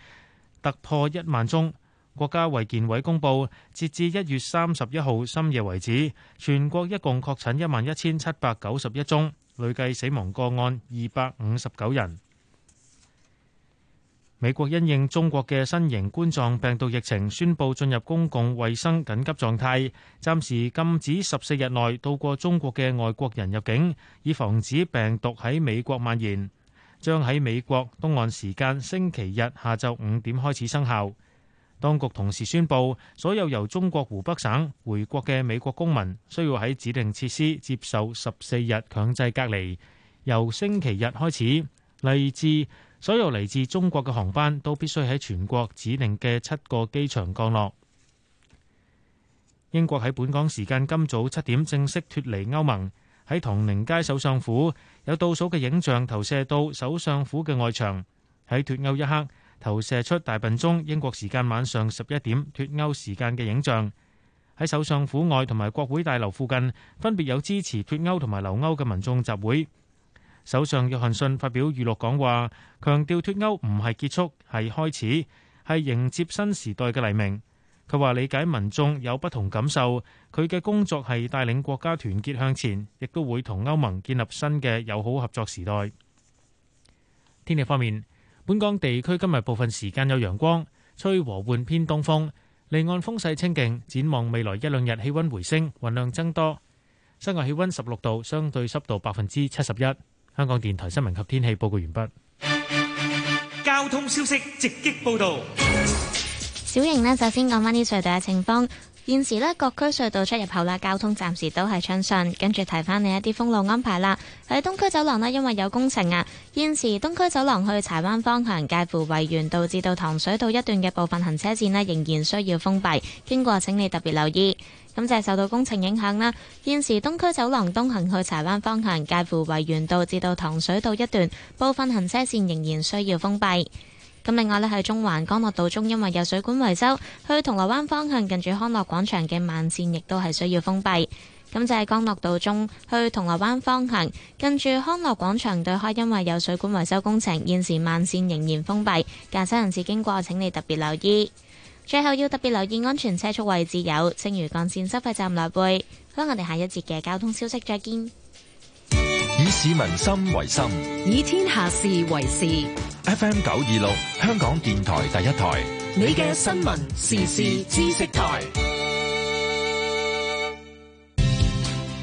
突破一萬宗。國家衛健委公布，截至一月三十一號深夜為止，全國一共確診一萬一千七百九十一宗，累計死亡個案二百五十九人。美國因應中國嘅新型冠狀病毒疫情，宣布進入公共衛生緊急狀態，暫時禁止十四日內到過中國嘅外國人入境，以防止病毒喺美國蔓延。將喺美國東岸時間星期日下晝五點開始生效。當局同時宣布，所有由中國湖北省回國嘅美國公民需要喺指定設施接受十四日強制隔離。由星期日開始，嚟自所有嚟自中國嘅航班都必須喺全國指定嘅七個機場降落。英國喺本港時間今早七點正式脱離歐盟，喺唐寧街首相府有倒數嘅影像投射到首相府嘅外牆。喺脱歐一刻，投射出大笨鐘，英國時間晚上十一點脫歐時間嘅影像。喺首相府外同埋國會大樓附近，分別有支持脫歐同埋留歐嘅民眾集會。首相約翰遜發表預錄講話，強調脫歐唔係結束，係開始，係迎接新時代嘅黎明。佢話理解民眾有不同感受，佢嘅工作係帶領國家團結向前，亦都會同歐盟建立新嘅友好合作時代。天氣方面。本港地區今日部分時間有陽光，吹和緩偏東風，離岸風勢清勁。展望未來一兩日，氣温回升，雲量增多。室外氣温十六度，相對濕度百分之七十一。香港電台新聞及天氣報告完畢。交通消息直擊報道。小瑩呢，首先講翻啲隧道嘅情況。現時咧，各區隧道出入口啦，交通暫時都係暢順。跟住提翻你一啲封路安排啦。喺東區走廊咧，因為有工程啊，現時東區走廊去柴灣方向介乎維園道至到糖水道一段嘅部分行車線咧，仍然需要封閉。經過請你特別留意。咁就係受到工程影響啦。現時東區走廊東行去柴灣方向介乎維園道至到糖水道一段部分行車線仍然需要封閉。咁另外呢，喺中環干諾道中，因為有水管維修，去銅鑼灣方向近住康樂廣場嘅慢線亦都係需要封閉。咁就係干諾道中去銅鑼灣方向近住康樂廣場對開，因為有水管維修工程，現時慢線仍然封閉，駕駛人士經過請你特別留意。最後要特別留意安全車速位置，有青嶼幹線收費站落背。好啦，我哋下一節嘅交通消息，再見。市民心為心，以天下事為事。FM 九二六，香港電台第一台，你嘅新聞時事知識台。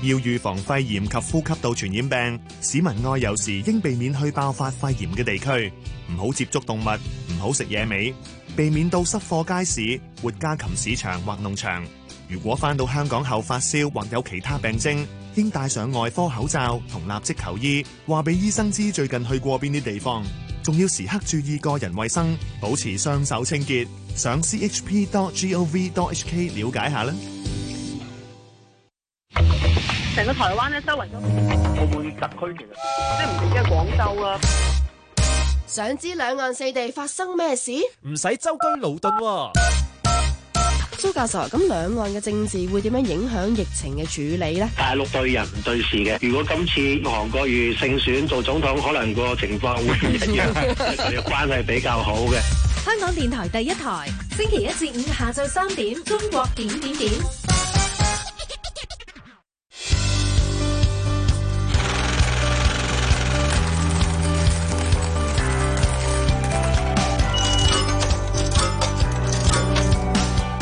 要預防肺炎及呼吸道傳染病，市民外遊時應避免去爆發肺炎嘅地區，唔好接觸動物，唔好食野味，避免到濕貨街市、活家禽市場或農場。如果翻到香港後發燒或有其他病徵，應戴上外科口罩同立即求醫，話俾醫生知最近去過邊啲地方，仲要時刻注意個人衛生，保持雙手清潔。上 chp.gov.hk 了解下啦。成個台灣咧，周圍都澳門特區其實即係唔止而家廣州啊。想知兩岸四地發生咩事？唔使舟車勞頓。蘇教授，咁兩岸嘅政治會點樣影響疫情嘅處理咧？大陸對人對事嘅，如果今次韓國瑜勝選做總統，可能個情況會唔一樣，佢哋關係比較好嘅。香港電台第一台，星期一至五下晝三點，中國點點點。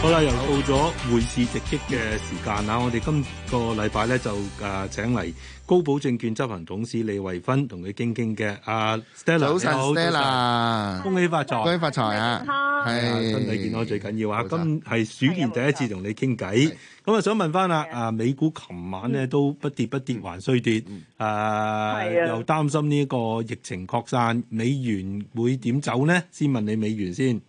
好啦，又到咗匯市直擊嘅時間啦！我哋今個禮拜咧就誒請嚟高保證券執行董事李慧芬同佢傾傾嘅。阿好 Stella，早晨，Stella，恭喜發財，恭喜發財啊！健康係身體健康最緊要啊！今係鼠年第一次同你傾偈，咁啊的想問翻啊啊美股琴晚咧都不跌不跌還衰跌，啊的又擔心呢個疫情擴散，美元會點走咧？先問你美元先。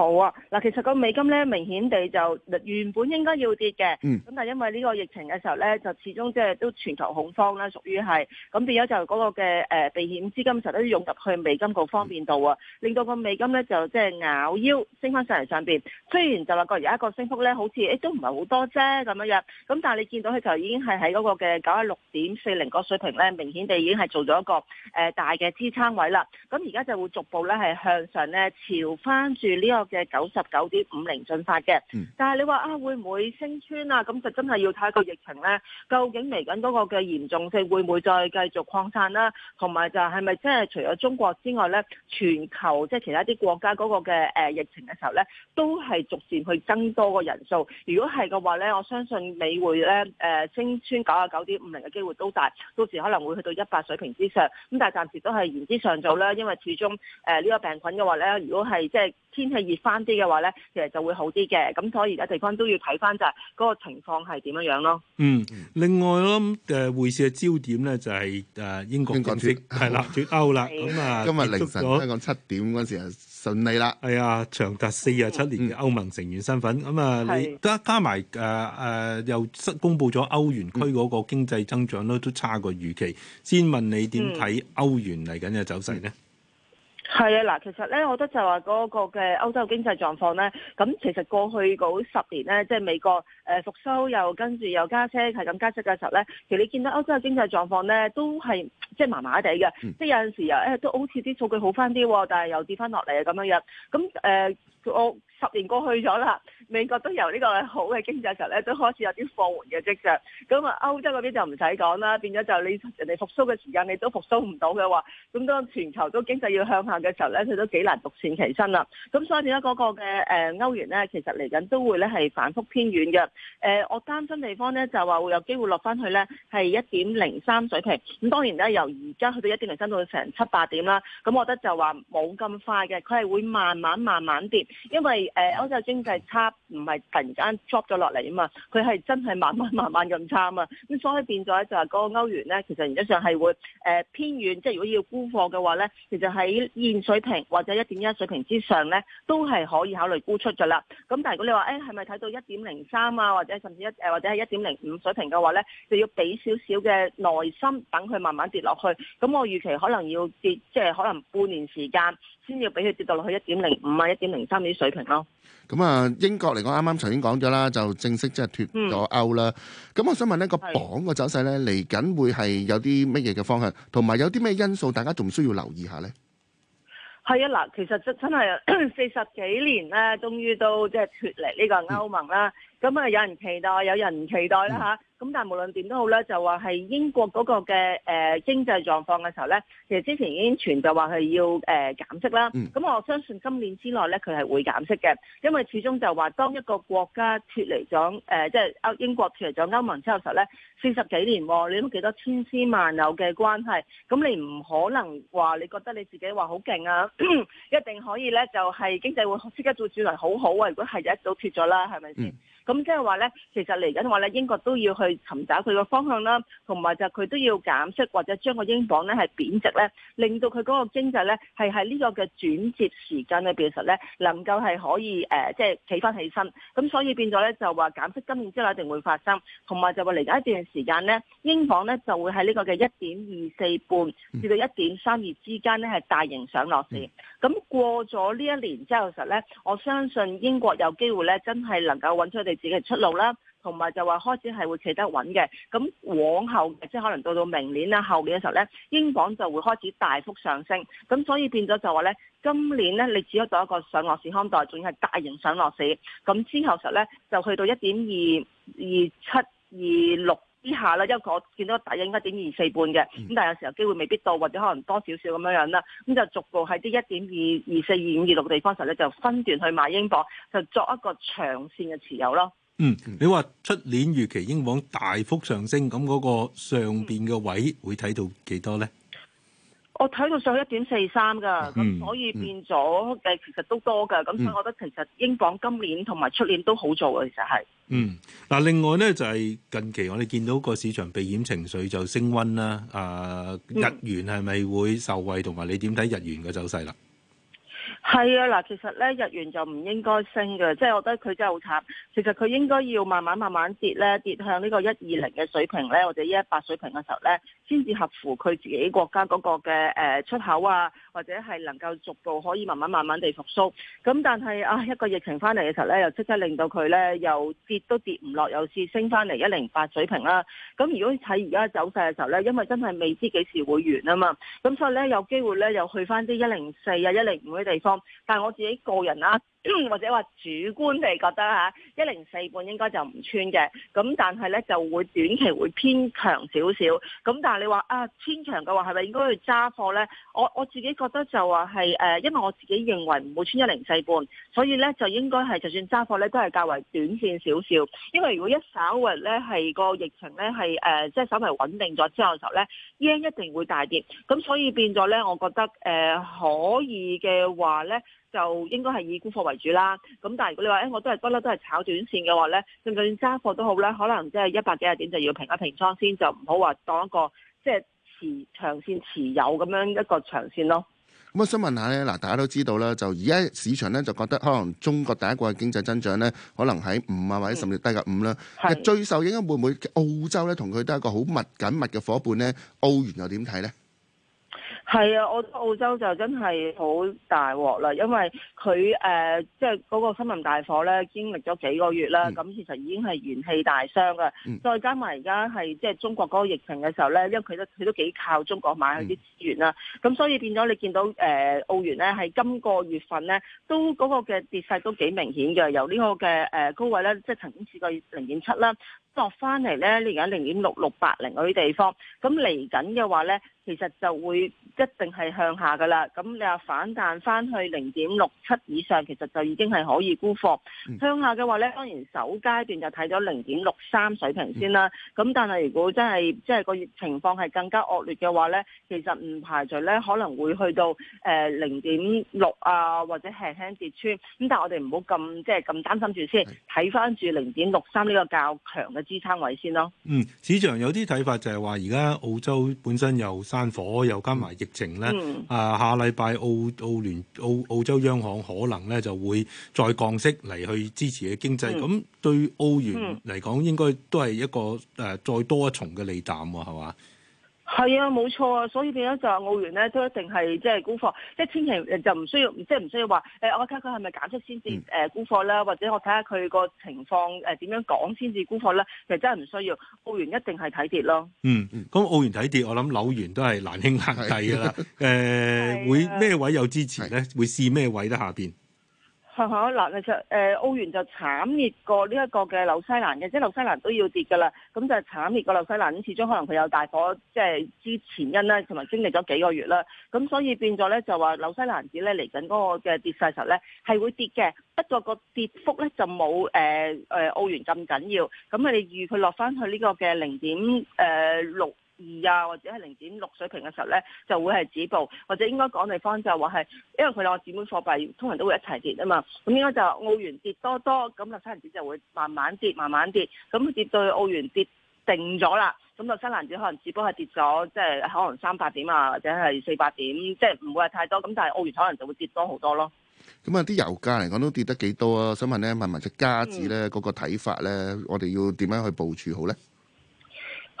好啊，嗱，其實個美金咧明顯地就原本應該要跌嘅，咁、嗯、但係因為呢個疫情嘅時候咧，就始終即係都全球恐慌啦，屬於係，咁變咗就嗰個嘅誒避險資金實都湧入去美金個方便度啊，令到個美金咧就即係咬腰升翻上嚟上邊，雖然就話個而家個升幅咧好似誒都唔係好多啫咁樣樣，咁但係你見到佢就已經係喺嗰個嘅九十六點四零個水平咧，明顯地已經係做咗一個誒、呃、大嘅支撐位啦，咁而家就會逐步咧係向上咧朝翻住呢個嘅九十九點五零進發嘅，但係你話啊，會唔會升穿啊？咁就真係要睇個疫情咧，究竟嚟緊嗰個嘅嚴重性會唔會再繼續擴散啦、啊？同埋就係咪即係除咗中國之外咧，全球即係其他啲國家嗰個嘅誒疫情嘅時候咧，都係逐漸去增多個人數。如果係嘅話咧，我相信美匯咧誒升穿九十九點五零嘅機會都大，到時可能會去到一百水平之上。咁但係暫時都係言之尚早啦，因為始終誒呢個病菌嘅話咧，如果係即係天氣跌翻啲嘅話咧，其實就會好啲嘅。咁所以而家地方都要睇翻就係嗰個情況係點樣樣咯。嗯，另外啦，咁誒匯市嘅焦點咧就係誒英國脫啦，脫國了歐啦。咁啊，今日凌晨香港七點嗰陣時啊，順利啦。係啊，長達四十七年嘅歐盟成員身份。咁啊、嗯，嗯、你加加埋誒誒又公佈咗歐元區嗰個經濟增長咧，嗯、都差過預期。先問你點睇歐元嚟緊嘅走勢咧？嗯嗯係啊，嗱，其實咧，我覺得就話嗰個嘅歐洲經濟狀況咧，咁其實過去嗰十年咧，即係美國誒復蘇又跟住又加息係咁加息嘅時候咧，其實你見到歐洲嘅經濟狀況咧，都係即係麻麻地嘅，即係有陣時又誒都好似啲數據好翻啲，但係又跌翻落嚟啊咁樣樣，咁誒、呃、我。十年過去咗啦，美國都由呢個好嘅經濟嘅時候咧，都開始有啲放緩嘅跡象。咁、嗯、啊，歐洲嗰邊就唔使講啦，變咗就你人哋復甦嘅時間，你都復甦唔到嘅話，咁、嗯、當全球都經濟要向下嘅時候咧，佢都幾難獨善其身啦。咁、嗯、所以咧，嗰個嘅誒歐元咧，其實嚟緊都會咧係反覆偏軟嘅。誒、呃，我擔心地方咧就話會有機會落翻去咧係一點零三水平。咁、嗯、當然咧，由而家去到一點零三到成七八點啦。咁、嗯、我覺得就話冇咁快嘅，佢係會慢慢慢慢跌，因為。誒歐洲經濟差唔係突然間 drop 咗落嚟啊嘛，佢係真係慢慢慢慢咁差啊嘛，咁所以變咗就係嗰個歐元咧，其實原則上係會誒偏軟，即係如果要沽貨嘅話咧，其實喺現水平或者一點一水平之上咧，都係可以考慮沽出咗啦。咁但係如果你話誒係咪睇到一點零三啊，或者甚至一誒或者係一點零五水平嘅話咧，就要俾少少嘅耐心等佢慢慢跌落去。咁我預期可能要跌，即係可能半年時間先要俾佢跌到落去一點零五啊、一點零三啲水平咯、啊。咁啊，英國嚟講啱啱頭先講咗啦，就正式即係脱咗歐啦。咁、嗯、我想問呢個榜個走勢咧嚟緊會係有啲乜嘢嘅方向，同埋有啲咩因素，大家仲需要留意下呢？係啊，嗱，其實真真係四十幾年咧，終於都即係脱離呢個歐盟啦。咁啊、嗯，有人期待，有人唔期待啦嚇。嗯咁但係無論點都好咧，就話係英國嗰個嘅誒、呃、經濟狀況嘅時候咧，其實之前已經傳就話係要誒、呃、減息啦。咁、嗯、我相信今年之內咧，佢係會減息嘅，因為始終就話當一個國家脱離咗誒、呃，即係歐英國脱離咗歐盟之後嘅時候咧，四十幾年、哦、你都幾多千絲萬縷嘅關係，咁你唔可能話你覺得你自己話好勁啊，一定可以咧，就係、是、經濟會即刻做主流，好好啊！如果係一早脱咗啦，係咪先？嗯咁即係話咧，其實嚟緊話咧，英國都要去尋找佢個方向啦，同埋就佢都要減息或者將個英鎊咧係貶值咧，令到佢嗰個經濟咧係喺呢個嘅轉折時間嘅時候咧，能夠係可以誒、呃，即係企翻起身。咁所以變咗咧就話減息今年之後一定會發生，同埋就話嚟緊一段時間咧，英鎊咧就會喺呢個嘅一點二四半至到一點三二之間咧係大型上落市。咁、嗯、過咗呢一年之後實咧，我相信英國有機會咧真係能夠揾出嚟自己嘅出路啦，同埋就話開始係會企得穩嘅，咁往後即係可能到到明年啦、後年嘅時候咧，英鎊就會開始大幅上升，咁所以變咗就話咧，今年咧你只可做一個上落市看待，仲要係大型上落市，咁之後實咧就去到一點二二七二六。之下啦，因為我見到第一應該點二四半嘅，咁但係有時候機會未必到，或者可能多少少咁樣樣啦，咁就逐步喺啲一點二、二四、二五、二六嘅地方時候咧，就分段去買英鎊，就作一個長線嘅持有咯。嗯，你話出年預期英鎊大幅上升，咁嗰個上邊嘅位會睇到幾多咧？我睇到上一點四三噶，咁、嗯、所以變咗誒，其實都多噶，咁、嗯、所以我覺得其實英鎊今年同埋出年都好做啊，其實係。嗯，嗱，另外咧就係、是、近期我哋見到個市場避險情緒就升溫啦，啊，日元係咪會受惠，同埋你點睇日元嘅走勢啦？係啊，嗱，其實咧日元就唔應該升嘅，即係我覺得佢真係好慘。其實佢應該要慢慢慢慢跌咧，跌向呢個一二零嘅水平咧，或者一一八水平嘅時候咧，先至合乎佢自己國家嗰個嘅誒、呃、出口啊，或者係能夠逐步可以慢慢慢慢地復蘇。咁但係啊，一個疫情翻嚟嘅時候咧，又即刻令到佢咧又跌都跌唔落，又試升翻嚟一零八水平啦。咁如果睇而家走勢嘅時候咧，因為真係未知幾時會完啊嘛，咁所以咧有機會咧又去翻啲一零四啊，一零五地方，但係我自己個人啦，啊。或者話主觀地覺得嚇一零四半應該就唔穿嘅，咁但係呢就會短期會偏強少少。咁但係你話啊，偏強嘅話係咪應該去揸貨呢？我我自己覺得就話係誒，因為我自己認為唔會穿一零四半，所以呢就應該係就算揸貨呢都係較為短線少少。因為如果一稍為呢係、這個疫情呢係誒、呃、即係稍微穩定咗之後嘅時候呢，yen 一定會大跌。咁所以變咗呢，我覺得誒、呃、可以嘅話呢。就應該係以沽貨為主啦。咁但係如果你話，誒、欸、我都係不嬲都係炒短線嘅話咧，甚至揸貨都好啦，可能即係一百幾十點就要平一平倉先，就唔好話當一個即係、就是、持長線持有咁樣一個長線咯。咁我想問下咧，嗱大家都知道啦，就而家市場咧就覺得可能中國第一個嘅經濟增長咧，可能喺五啊或者甚至低過五啦。係、嗯。最受影響會唔會澳洲咧？同佢都係一個好密緊密嘅伙伴咧，澳元又點睇咧？係啊，我覺得澳洲就真係好大鑊啦，因為佢誒即係嗰個森林大火咧，經歷咗幾個月啦，咁其實已經係元氣大傷㗎。嗯、再加埋而家係即係中國嗰個疫情嘅時候咧，因為佢都佢都幾靠中國買佢啲資源啦，咁、嗯、所以變咗你見到誒、呃、澳元咧，喺今個月份咧都嗰、嗰個嘅跌勢都幾明顯嘅，由呢個嘅誒、呃、高位咧，即係曾經試過零點七啦，落翻嚟咧，你而家零點六六八零嗰啲地方，咁嚟緊嘅話咧。其實就會一定係向下㗎啦，咁你話反彈翻去零點六七以上，其實就已經係可以沽貨。嗯、向下嘅話呢，當然首階段就睇咗零點六三水平先啦。咁、嗯、但係如果真係即係個情況係更加惡劣嘅話呢，其實唔排除呢可能會去到誒零點六啊，或者係輕輕跌穿。咁但係我哋唔好咁即係咁擔心住先，睇翻住零點六三呢個較強嘅支撐位先咯。嗯，市場有啲睇法就係話，而家澳洲本身有炭火又加埋疫情咧，啊、嗯呃，下禮拜澳澳聯澳澳，澳洲央行可能咧就會再降息嚟去支持嘅經濟，咁、嗯、對澳元嚟講應該都係一個誒、呃、再多一重嘅利淡喎，係嘛？係啊，冇錯啊，所以變咗就澳元咧都一定係即係沽貨，即係千祈就唔需要、即係、需要，即係唔需要話誒，我睇下佢係咪減息先至誒沽貨啦，或者我睇下佢個情況誒點樣講先至沽貨啦，其實真係唔需要。澳元一定係睇跌咯。嗯嗯，咁、嗯、澳元睇跌，我諗紐元都係難兄難弟㗎啦。誒會咩位有支持咧？會試咩位咧下邊？嚇嚇嗱，其實誒澳元就慘烈過呢一個嘅紐西蘭嘅，即係紐西蘭都要跌㗎啦，咁就係慘烈過紐西蘭，咁始終可能佢有大火誒之前因啦，同埋經歷咗幾個月啦，咁所以變咗咧就話紐西蘭紙咧嚟緊嗰個嘅跌勢時候咧係會跌嘅，不過個跌幅咧就冇誒誒澳元咁緊要，咁我哋預佢落翻去呢個嘅零點誒六。二啊，或者係零點六水平嘅時候咧，就會係止步，或者應該講地方就話係，因為佢兩個姊妹貨幣通常都會一齊跌啊嘛。咁應該就澳元跌多多，咁紐西蘭紙就會慢慢跌，慢慢跌，咁跌到澳元跌定咗啦，咁紐西蘭紙可能只不過係跌咗，即係可能三百點啊，或者係四百點，即係唔會係太多。咁但係澳元可能就會跌多好多咯。咁啊、嗯，啲油價嚟講都跌得幾多啊？想問咧，問問隻加紙咧嗰個睇法咧，嗯、我哋要點樣去部署好咧？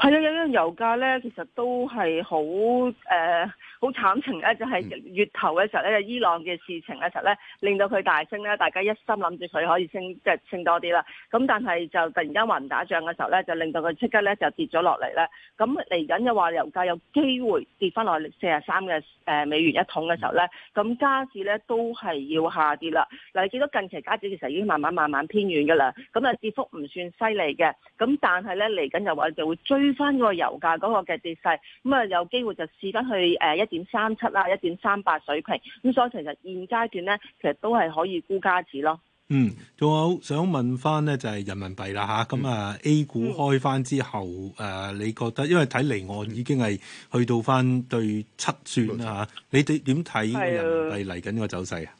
係啊，有樣，嗯，油價咧，其實都係好誒。呃好慘情咧，就係、是、月頭嘅時候咧，伊朗嘅事情嘅時候咧，令到佢大升咧，大家一心諗住佢可以升，即係升多啲啦。咁但係就突然間話唔打仗嘅時候咧，就令到佢即刻咧就跌咗落嚟咧。咁嚟緊又話油價有機會跌翻落嚟四十三嘅誒美元一桶嘅時候咧，咁加指咧都係要下跌啦。嗱，你記得近期加指其實已經慢慢慢慢偏軟嘅啦，咁啊跌幅唔算犀利嘅，咁但係咧嚟緊又話就會追翻嗰個油價嗰個嘅跌勢，咁啊有機會就試緊去誒、呃、一一點三七啦，一點三八水平，咁所以其實現階段咧，其實都係可以估價指咯。嗯，仲有想問翻咧，就係人民幣啦吓，咁、嗯、啊 A 股開翻之後，誒、嗯呃、你覺得，因為睇離岸已經係去到翻對七算、嗯、啊，你哋點睇人民幣嚟緊個走勢啊？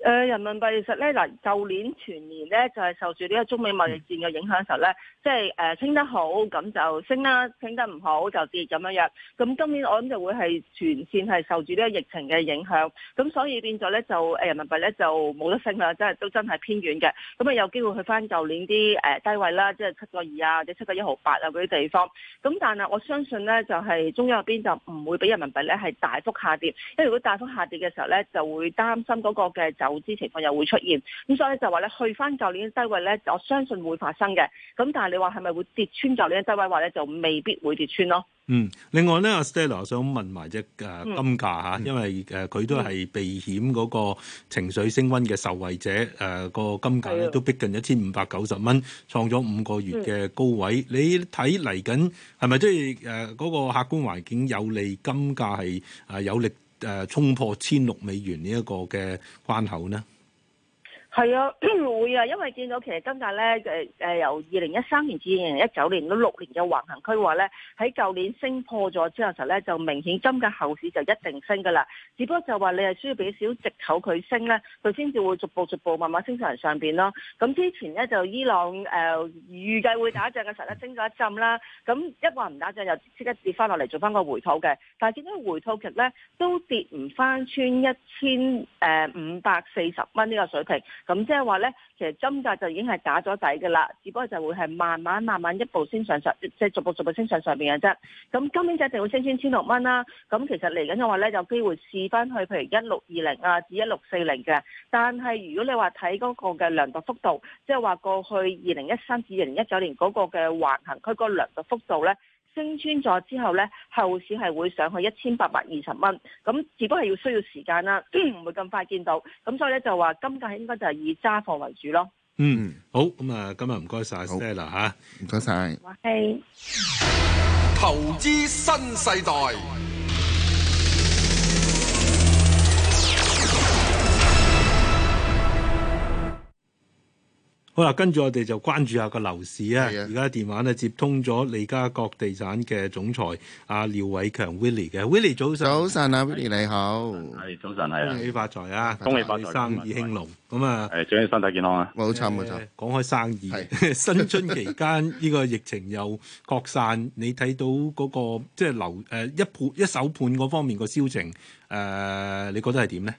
誒、呃、人民幣其實咧嗱，舊年全年咧就係、是、受住呢個中美貿易戰嘅影響時候咧，即係誒升得好咁就升啦，升得唔好就跌咁樣樣。咁今年我諗就會係全線係受住呢個疫情嘅影響，咁所以變咗咧就誒、呃、人民幣咧就冇得升啦，即係都真係偏軟嘅。咁啊有機會去翻舊年啲誒低位啦，即係七個二啊，或者七個一毫八啊嗰啲地方。咁但係我相信咧就係、是、中央入邊就唔會俾人民幣咧係大幅下跌，因為如果大幅下跌嘅時候咧就會擔心嗰個嘅走。投資情況又會出現，咁所以就話咧，去翻舊年嘅低位咧，我相信會發生嘅。咁但係你話係咪會跌穿舊年嘅低位話咧，就未必會跌穿咯。嗯，另外咧，阿 Stella 想問埋隻誒金價吓，嗯、因為誒佢都係避險嗰個情緒升温嘅受惠者。誒個、嗯、金價咧都逼近一千五百九十蚊，創咗五個月嘅高位。嗯、你睇嚟緊係咪即係誒嗰個客觀環境有利金價係誒有力？誒衝、呃、破千六美元呢一個嘅關口呢？係啊，會啊，因為見到其實今日咧，誒、呃、誒，由二零一三年至二零一九年都六年嘅橫行區劃咧，喺舊年升破咗之後嘅時候咧，就明顯今個後市就一定升嘅啦。只不過就話你係需要俾少少藉口佢升咧，佢先至會逐步逐步慢慢升上嚟上邊咯。咁、嗯、之前咧就伊朗誒預計會打仗嘅時候咧，升咗一陣啦，咁一話唔打仗又即刻跌翻落嚟做翻個回吐嘅。但係見到回吐期咧都跌唔翻穿一千誒五百四十蚊呢個水平。咁即係話呢，其實針價就已經係打咗底嘅啦，只不過就會係慢慢慢慢一步升上上，即係逐步逐步升上上邊嘅啫。咁今年就一定會升穿千六蚊啦。咁其實嚟緊嘅話呢，有機會試翻去譬如一六二零啊至一六四零嘅。但係如果你話睇嗰個嘅量度幅度，即係話過去二零一三至二零一九年嗰個嘅橫行區嗰個量度幅度呢，升穿咗之後咧，後市係會上去一千八百二十蚊，咁只不過係要需要時間啦，唔會咁快見到，咁所以咧就話金價應該就係以揸貨為主咯。嗯，好，咁啊，今日唔該晒，謝啦吓，唔該晒。喂，投資新世代。好啦，跟住我哋就關注下個樓市啊！而家電話咧接通咗利嘉閣地產嘅總裁阿廖偉強 Willie 嘅，Willie 早晨。早晨啊，Willie 你好。係早晨，係恭喜發財啊！恭喜發財，生意興隆。咁啊，誒，祝你身體健康啊！冇錯，冇錯。講開生意，新春期間呢個疫情又擴散，你睇到嗰個即係樓誒一盤一手盤嗰方面個銷情，誒，你覺得係點咧？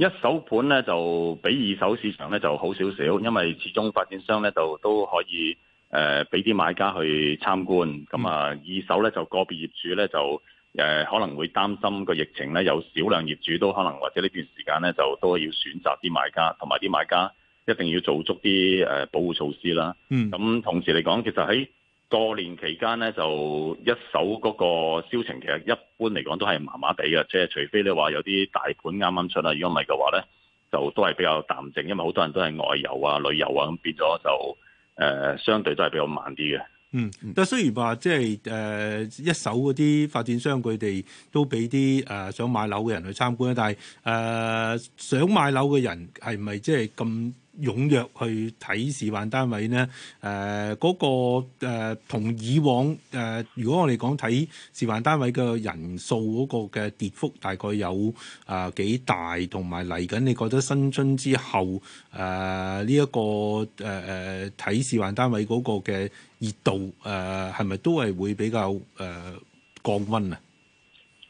一手盤咧就比二手市場咧就好少少，因為始終發展商咧就都可以誒俾啲買家去參觀，咁啊、嗯、二手咧就個別業主咧就誒、呃、可能會擔心個疫情咧，有少量業主都可能或者呢段時間咧就都要選擇啲買家，同埋啲買家一定要做足啲誒、呃、保護措施啦。嗯，咁同時嚟講，其實喺過年期間咧，就一手嗰個銷情其實一般嚟講都係麻麻地嘅，即係除非你話有啲大盤啱啱出啦，如果唔係嘅話咧，就都係比較淡靜，因為好多人都係外遊啊、旅遊啊咁，變咗就誒、呃、相對都係比較慢啲嘅。嗯，但係雖然話即係誒、呃、一手嗰啲發展商佢哋都俾啲誒想買樓嘅人去參觀啦，但係誒、呃、想買樓嘅人係咪即係咁踴躍去睇示範單位呢，誒、呃、嗰、那個、呃、同以往誒、呃，如果我哋講睇示範單位嘅人數嗰個嘅跌幅，大概有啊、呃、幾大，同埋嚟緊，你覺得新春之後誒呢一個誒誒睇示範單位嗰個嘅熱度誒，係、呃、咪都係會比較誒、呃、降溫啊？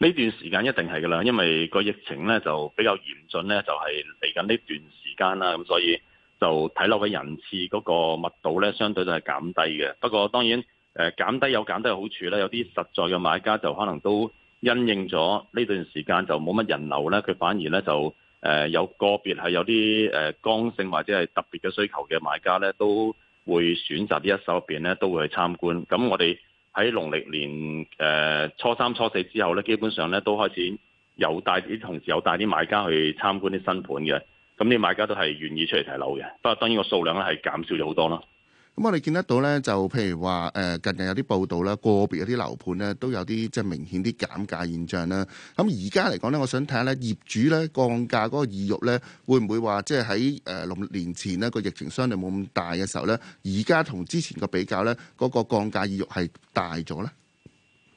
呢段時間一定係噶啦，因為個疫情咧就比較嚴峻咧，就係嚟緊呢段時間啦，咁所以。就睇落去人次嗰個密度咧，相對就係減低嘅。不過當然，誒、呃、減低有減低嘅好處咧，有啲實在嘅買家就可能都因應咗呢段時間就冇乜人流咧，佢反而咧就誒、呃、有個別係有啲誒剛性或者係特別嘅需求嘅買家咧，都會選擇呢一手入邊咧都會去參觀。咁我哋喺農曆年誒、呃、初三、初四之後咧，基本上咧都開始有帶啲同事、有帶啲買家去參觀啲新盤嘅。咁啲買家都係願意出嚟睇樓嘅，不過當然個數量咧係減少咗好多咯。咁、嗯、我哋見得到咧，就譬如話誒，近日有啲報道啦，個別有啲樓盤咧都有啲即係明顯啲減價現象啦。咁而家嚟講咧，我想睇下咧，業主咧降價嗰個意欲咧，會唔會話即係喺誒六年前呢個疫情相對冇咁大嘅時候咧，而家同之前個比較咧，嗰、那個降價意欲係大咗咧？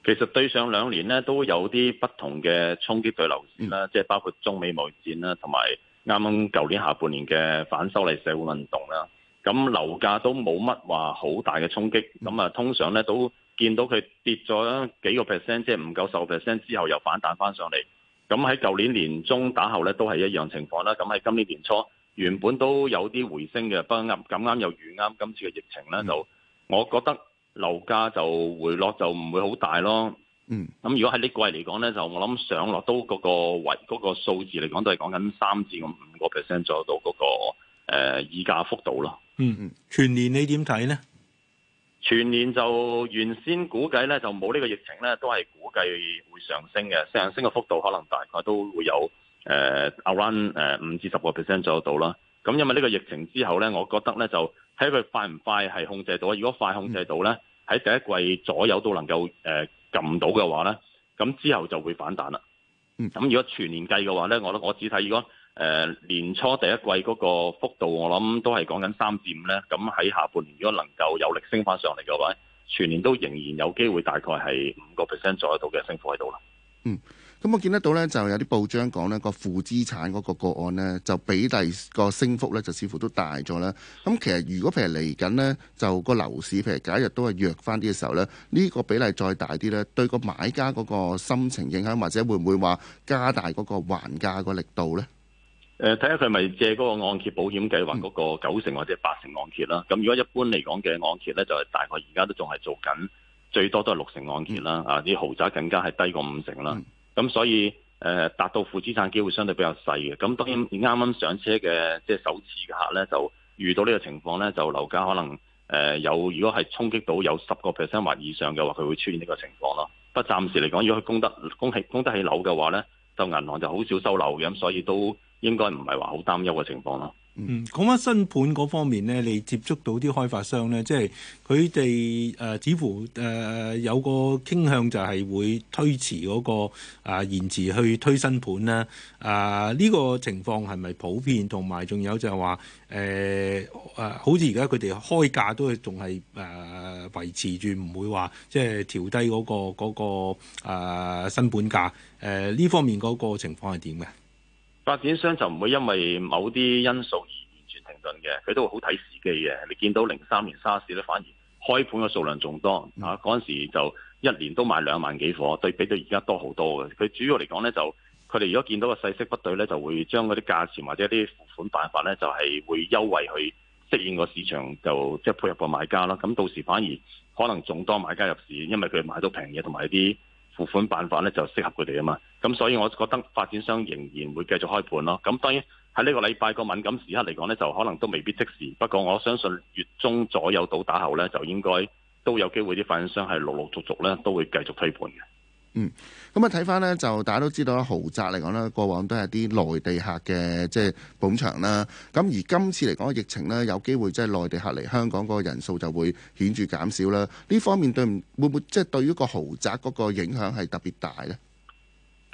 其實對上兩年咧都有啲不同嘅衝擊對樓市啦，即係、嗯、包括中美貿易戰啦，同埋，啱啱舊年下半年嘅反修例社會運動啦，咁樓價都冇乜話好大嘅衝擊，咁啊通常咧都見到佢跌咗幾個 percent，即係唔夠十個 percent 之後又反彈翻上嚟。咁喺舊年年中打後咧都係一樣情況啦。咁喺今年年初原本都有啲回升嘅，不過啱咁啱又遇啱今次嘅疫情咧， <noise> 就我覺得樓價就回落就唔會好大咯。嗯，咁如果喺呢季嚟講咧，就我諗上落都嗰、嗰個圍、嗰個數字嚟講，都係講緊三至五個 percent 左右到嗰、嗰個誒議、呃、價幅度咯。嗯嗯，全年你點睇咧？全年就原先估計咧，就冇呢個疫情咧，都係估計會上升嘅，上升嘅幅度可能大概都會有誒、呃、around 誒五至十個 percent 左右到啦。咁、嗯、因為呢個疫情之後咧，我覺得咧就睇佢快唔快係控制到。如果快控制到咧，喺、嗯、第一季左右都能夠誒。呃呃撳到嘅話呢，咁之後就會反彈啦。咁如果全年計嘅話呢，我我只睇如果誒年初第一季嗰個幅度，我諗都係講緊三至五呢。咁喺下半年如果能夠有力升翻上嚟嘅話，全年都仍然有機會大概係五個 percent 左右度嘅升幅喺度啦。嗯。咁、嗯、我見得到咧，就有啲報章講咧個負資產嗰個個案咧，就比例個升幅咧就似乎都大咗啦。咁、嗯、其實如果譬如嚟緊咧，就個樓市譬如假若都係弱翻啲嘅時候咧，呢、呢個比例再大啲咧，對個買家嗰個心情影響，或者會唔會話加大嗰個還價個力度咧？誒、呃，睇下佢係咪借嗰個按揭保險計劃嗰個九成或者八成按揭啦。咁如果一般嚟講嘅按揭咧，就係大概而家都仲係做緊最多都係六成按揭啦。嗯嗯、啊，啲豪宅更加係低過五成啦。嗯。咁所以誒達到負資產機會相對比較細嘅，咁當然啱啱上車嘅即係首次嘅客咧，就遇到呢個情況咧，就樓價可能誒有，如果係衝擊到有十個 percent 或以上嘅話，佢會出現呢個情況咯。不過暫時嚟講，如果佢供得供起供得起樓嘅話咧，就銀行就好少收樓嘅，咁所以都應該唔係話好擔憂嘅情況咯。嗯，講翻新盤嗰方面咧，你接觸到啲開發商咧，即係佢哋誒，似乎誒、呃、有個傾向就係會推遲嗰、嗰個、呃、延遲去推新盤啦。啊、呃，呢、呢個情況係咪普遍？同埋仲有就係話誒誒，好似而家佢哋開價都係仲係誒維持住，唔會話即係調低嗰、嗰個嗰、嗰個呃、新盤價。誒、呃、呢方面嗰個情況係點嘅？發展商就唔會因為某啲因素而完全停頓嘅，佢都會好睇時機嘅。你見到零三年沙士咧，反而開盤嘅數量仲多，嚇嗰陣時就一年都賣兩萬幾伙，對比到而家多好多嘅。佢主要嚟講呢，就佢哋如果見到個勢息不對呢，就會將嗰啲價錢或者啲付款辦法呢，就係、是、會優惠去適應個市場，就即係、就是、配合個買家啦。咁到時反而可能仲多買家入市，因為佢買到平嘢同埋啲。付款辦法咧就適合佢哋啊嘛，咁所以我覺得發展商仍然會繼續開盤咯。咁當然喺呢個禮拜個敏感時刻嚟講咧，就可能都未必即時。不過我相信月中左右倒打後咧，就應該都有機會啲發展商係陸陸續續咧都會繼續推盤嘅。嗯，咁啊睇返咧，就大家都知道咧，豪宅嚟講咧，過往都係啲內地客嘅即係捧場啦。咁而今次嚟講嘅疫情咧，有機會即係內地客嚟香港個人數就會顯著減少啦。呢方面對會唔會即係、就是、對於個豪宅嗰個影響係特別大咧？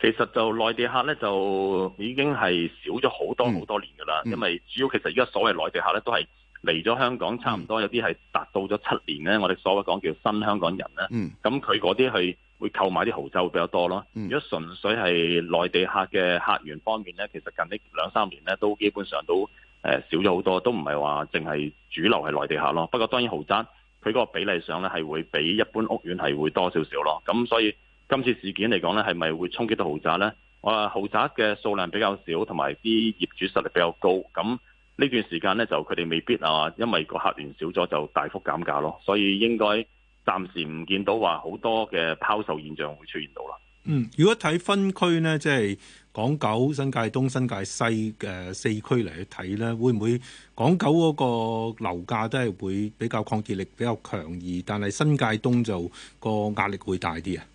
其實就內地客咧就已經係少咗好多好多年㗎喇，嗯、因為主要其實而家所謂內地客咧都係嚟咗香港差唔多，有啲係達到咗七年咧。嗯、我哋所謂講叫新香港人咧，咁佢嗰啲去。嗯會購買啲豪宅會比較多咯。如果純粹係內地客嘅客源方面咧，其實近呢兩三年咧都基本上都誒少咗好多，都唔係話淨係主流係內地客咯。不過當然豪宅佢嗰個比例上咧係會比一般屋苑係會多少少咯。咁所以今次事件嚟講咧，係咪會衝擊到豪宅咧？我話豪宅嘅數量比較少，同埋啲業主實力比較高。咁呢段時間咧，就佢哋未必啊，因為個客源少咗就大幅減價咯。所以應該，暫時唔見到話好多嘅拋售現象會出現到啦。嗯，如果睇分區呢，即係港九、新界東、新界西嘅四區嚟去睇呢，會唔會港九嗰個樓價都係會比較抗跌力比較強，而但係新界東就個壓力會大啲啊？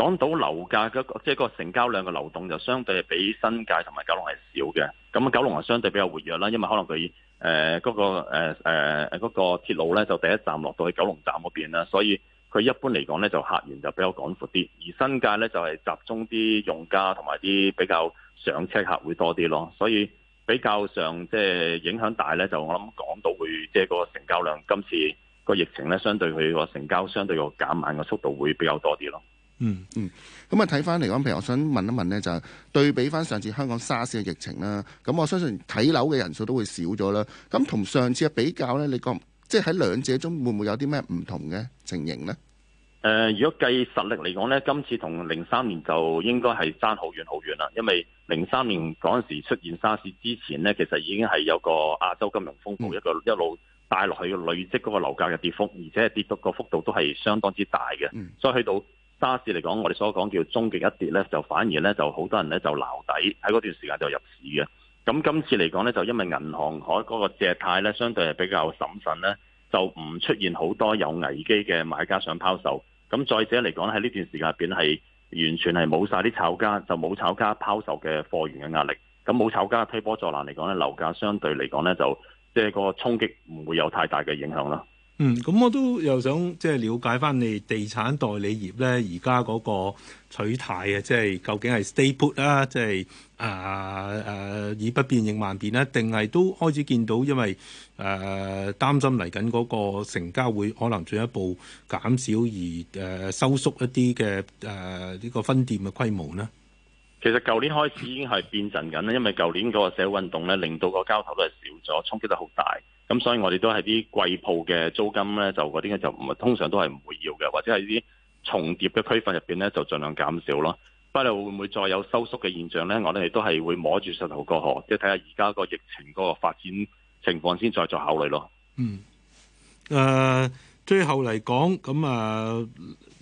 港島樓價嘅即係個成交量嘅流動就相對比新界同埋九龍係少嘅，咁九龍係相對比較活躍啦，因為可能佢誒嗰個誒誒嗰個鐵路咧就第一站落到去九龍站嗰邊啦，所以佢一般嚟講咧就客源就比較廣闊啲，而新界咧就係集中啲用家同埋啲比較上車客會多啲咯，所以比較上即係影響大咧，就我諗港島會即係個成交量今次個疫情咧，相對佢個成交相對個減慢個速度會比較多啲咯。嗯嗯，咁啊睇翻嚟講，譬如我想問一問咧，就係、對比翻上，上次香港沙士嘅疫情啦，咁我相信睇樓嘅人數都會少咗啦。咁同上次嘅比較咧，你覺即係喺兩者中會唔會有啲咩唔同嘅情形呢？誒、呃，如果計實力嚟講咧，今次同零三年就應該係差好遠好遠啦。因為零三年嗰陣時出現沙士之前咧，其實已經係有個亞洲金融風暴，一個一路帶落去累積嗰個樓價嘅跌幅，而且係跌到個幅度都係相當之大嘅，所以去到沙士嚟講，我哋所講叫終極一跌咧，就反而咧就好多人咧就撈底，喺嗰段時間就入市嘅。咁今次嚟講咧，就因為銀行嗰個借貸咧，相對係比較審慎咧，就唔出現好多有危機嘅買家想拋售。咁再者嚟講咧，喺呢段時間入邊係完全係冇晒啲炒家，就冇炒家拋售嘅貨源嘅壓力。咁冇炒家推波助瀾嚟講咧，樓價相對嚟講咧，就即係個衝擊唔會有太大嘅影響咯。嗯，咁我都又想即係了解翻你地產代理業咧，而家嗰個取態啊，即係究竟係 stay put 啦，即係誒誒以不變應萬變咧，定係都開始見到因為誒擔、啊、心嚟緊嗰個成交會可能進一步減少而誒、啊、收縮一啲嘅誒呢個分店嘅規模咧。其實舊年開始已經係變陣緊啦，因為舊年嗰個社會運動咧，令到個交投都係少咗，衝擊得好大。咁、嗯、所以我哋都係啲貴鋪嘅租金咧，就嗰啲咧就唔係通常都係唔會要嘅，或者係啲重疊嘅區份入邊咧，就儘量減少咯。會不過會唔會再有收縮嘅現象咧，我哋都係會摸住石頭過河，即係睇下而家個疫情嗰個發展情況先再再考慮咯。嗯。誒、呃，最後嚟講，咁啊、呃，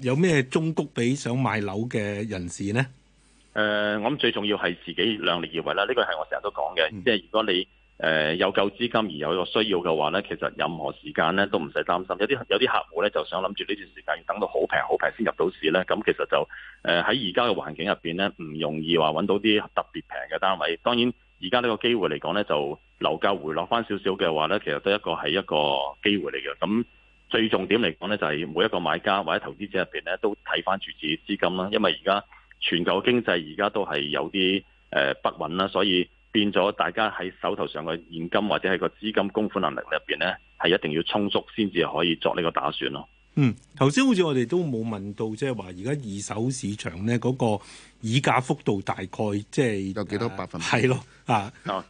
有咩忠告俾想買樓嘅人士咧？誒、呃，我諗最重要係自己量力而為啦。呢個係我成日都講嘅，嗯、即係如果你。誒有夠資金而有個需要嘅話咧，其實任何時間咧都唔使擔心。有啲有啲客戶咧就想諗住呢段時間要等到好平好平先入到市咧，咁其實就誒喺而家嘅環境入邊咧，唔容易話揾到啲特別平嘅單位。當然，而家呢個機會嚟講咧，就樓價回落翻少少嘅話咧，其實都一個係一個機會嚟嘅。咁最重點嚟講咧，就係每一個買家或者投資者入邊咧，都睇翻住自己資金啦，因為而家全球經濟而家都係有啲誒不穩啦，所以。變咗，大家喺手頭上嘅現金或者係個資金供款能力入邊咧，係一定要充足先至可以作呢個打算咯。嗯，頭先好似我哋都冇問到，即係話而家二手市場咧嗰個議價幅度大概即係有幾多百分比？係咯，啊，啊，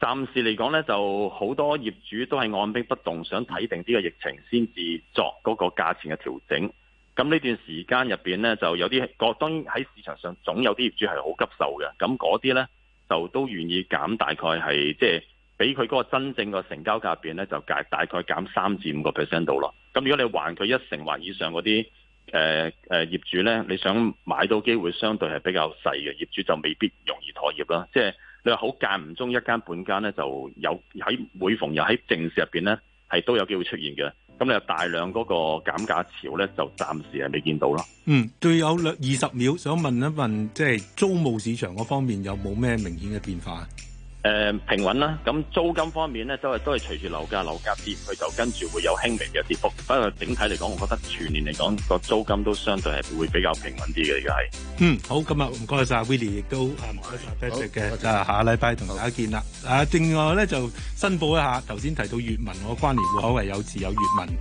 暫時嚟講咧，就好多業主都係按兵不動，想睇定呢個疫情先至作嗰個價錢嘅調整。咁呢段時間入邊咧，就有啲個當然喺市場上總有啲業主係好急售嘅，咁嗰啲咧。就都願意減大概係，即係俾佢嗰個真正個成交價入咧，就減大概減三至五個 percent 到咯。咁如果你還佢一成或以上嗰啲誒誒業主咧，你想買到機會相對係比較細嘅業主就未必容易妥業啦。即係你話好間唔中一間本間咧，就有喺每逢又喺正式入邊咧，係都有機會出現嘅。咁你又大量嗰個減價潮咧，就暫時係未見到啦。嗯，對，有兩二十秒，想問一問，即係租務市場嗰方面有冇咩明顯嘅變化？誒，平穩啦。咁租金方面咧，都係都係隨住樓價樓價跌，佢就跟住會有輕微嘅跌幅。不過整體嚟講，我覺得全年嚟講個租金都相對係會比較平穩啲嘅。而家係，嗯，好，今日唔該晒 Willie 亦都唔嘅，就下禮拜同大家見啦。啊好，另外咧就申報一下，頭先提到粵文我關聯會，可謂有字有粵文。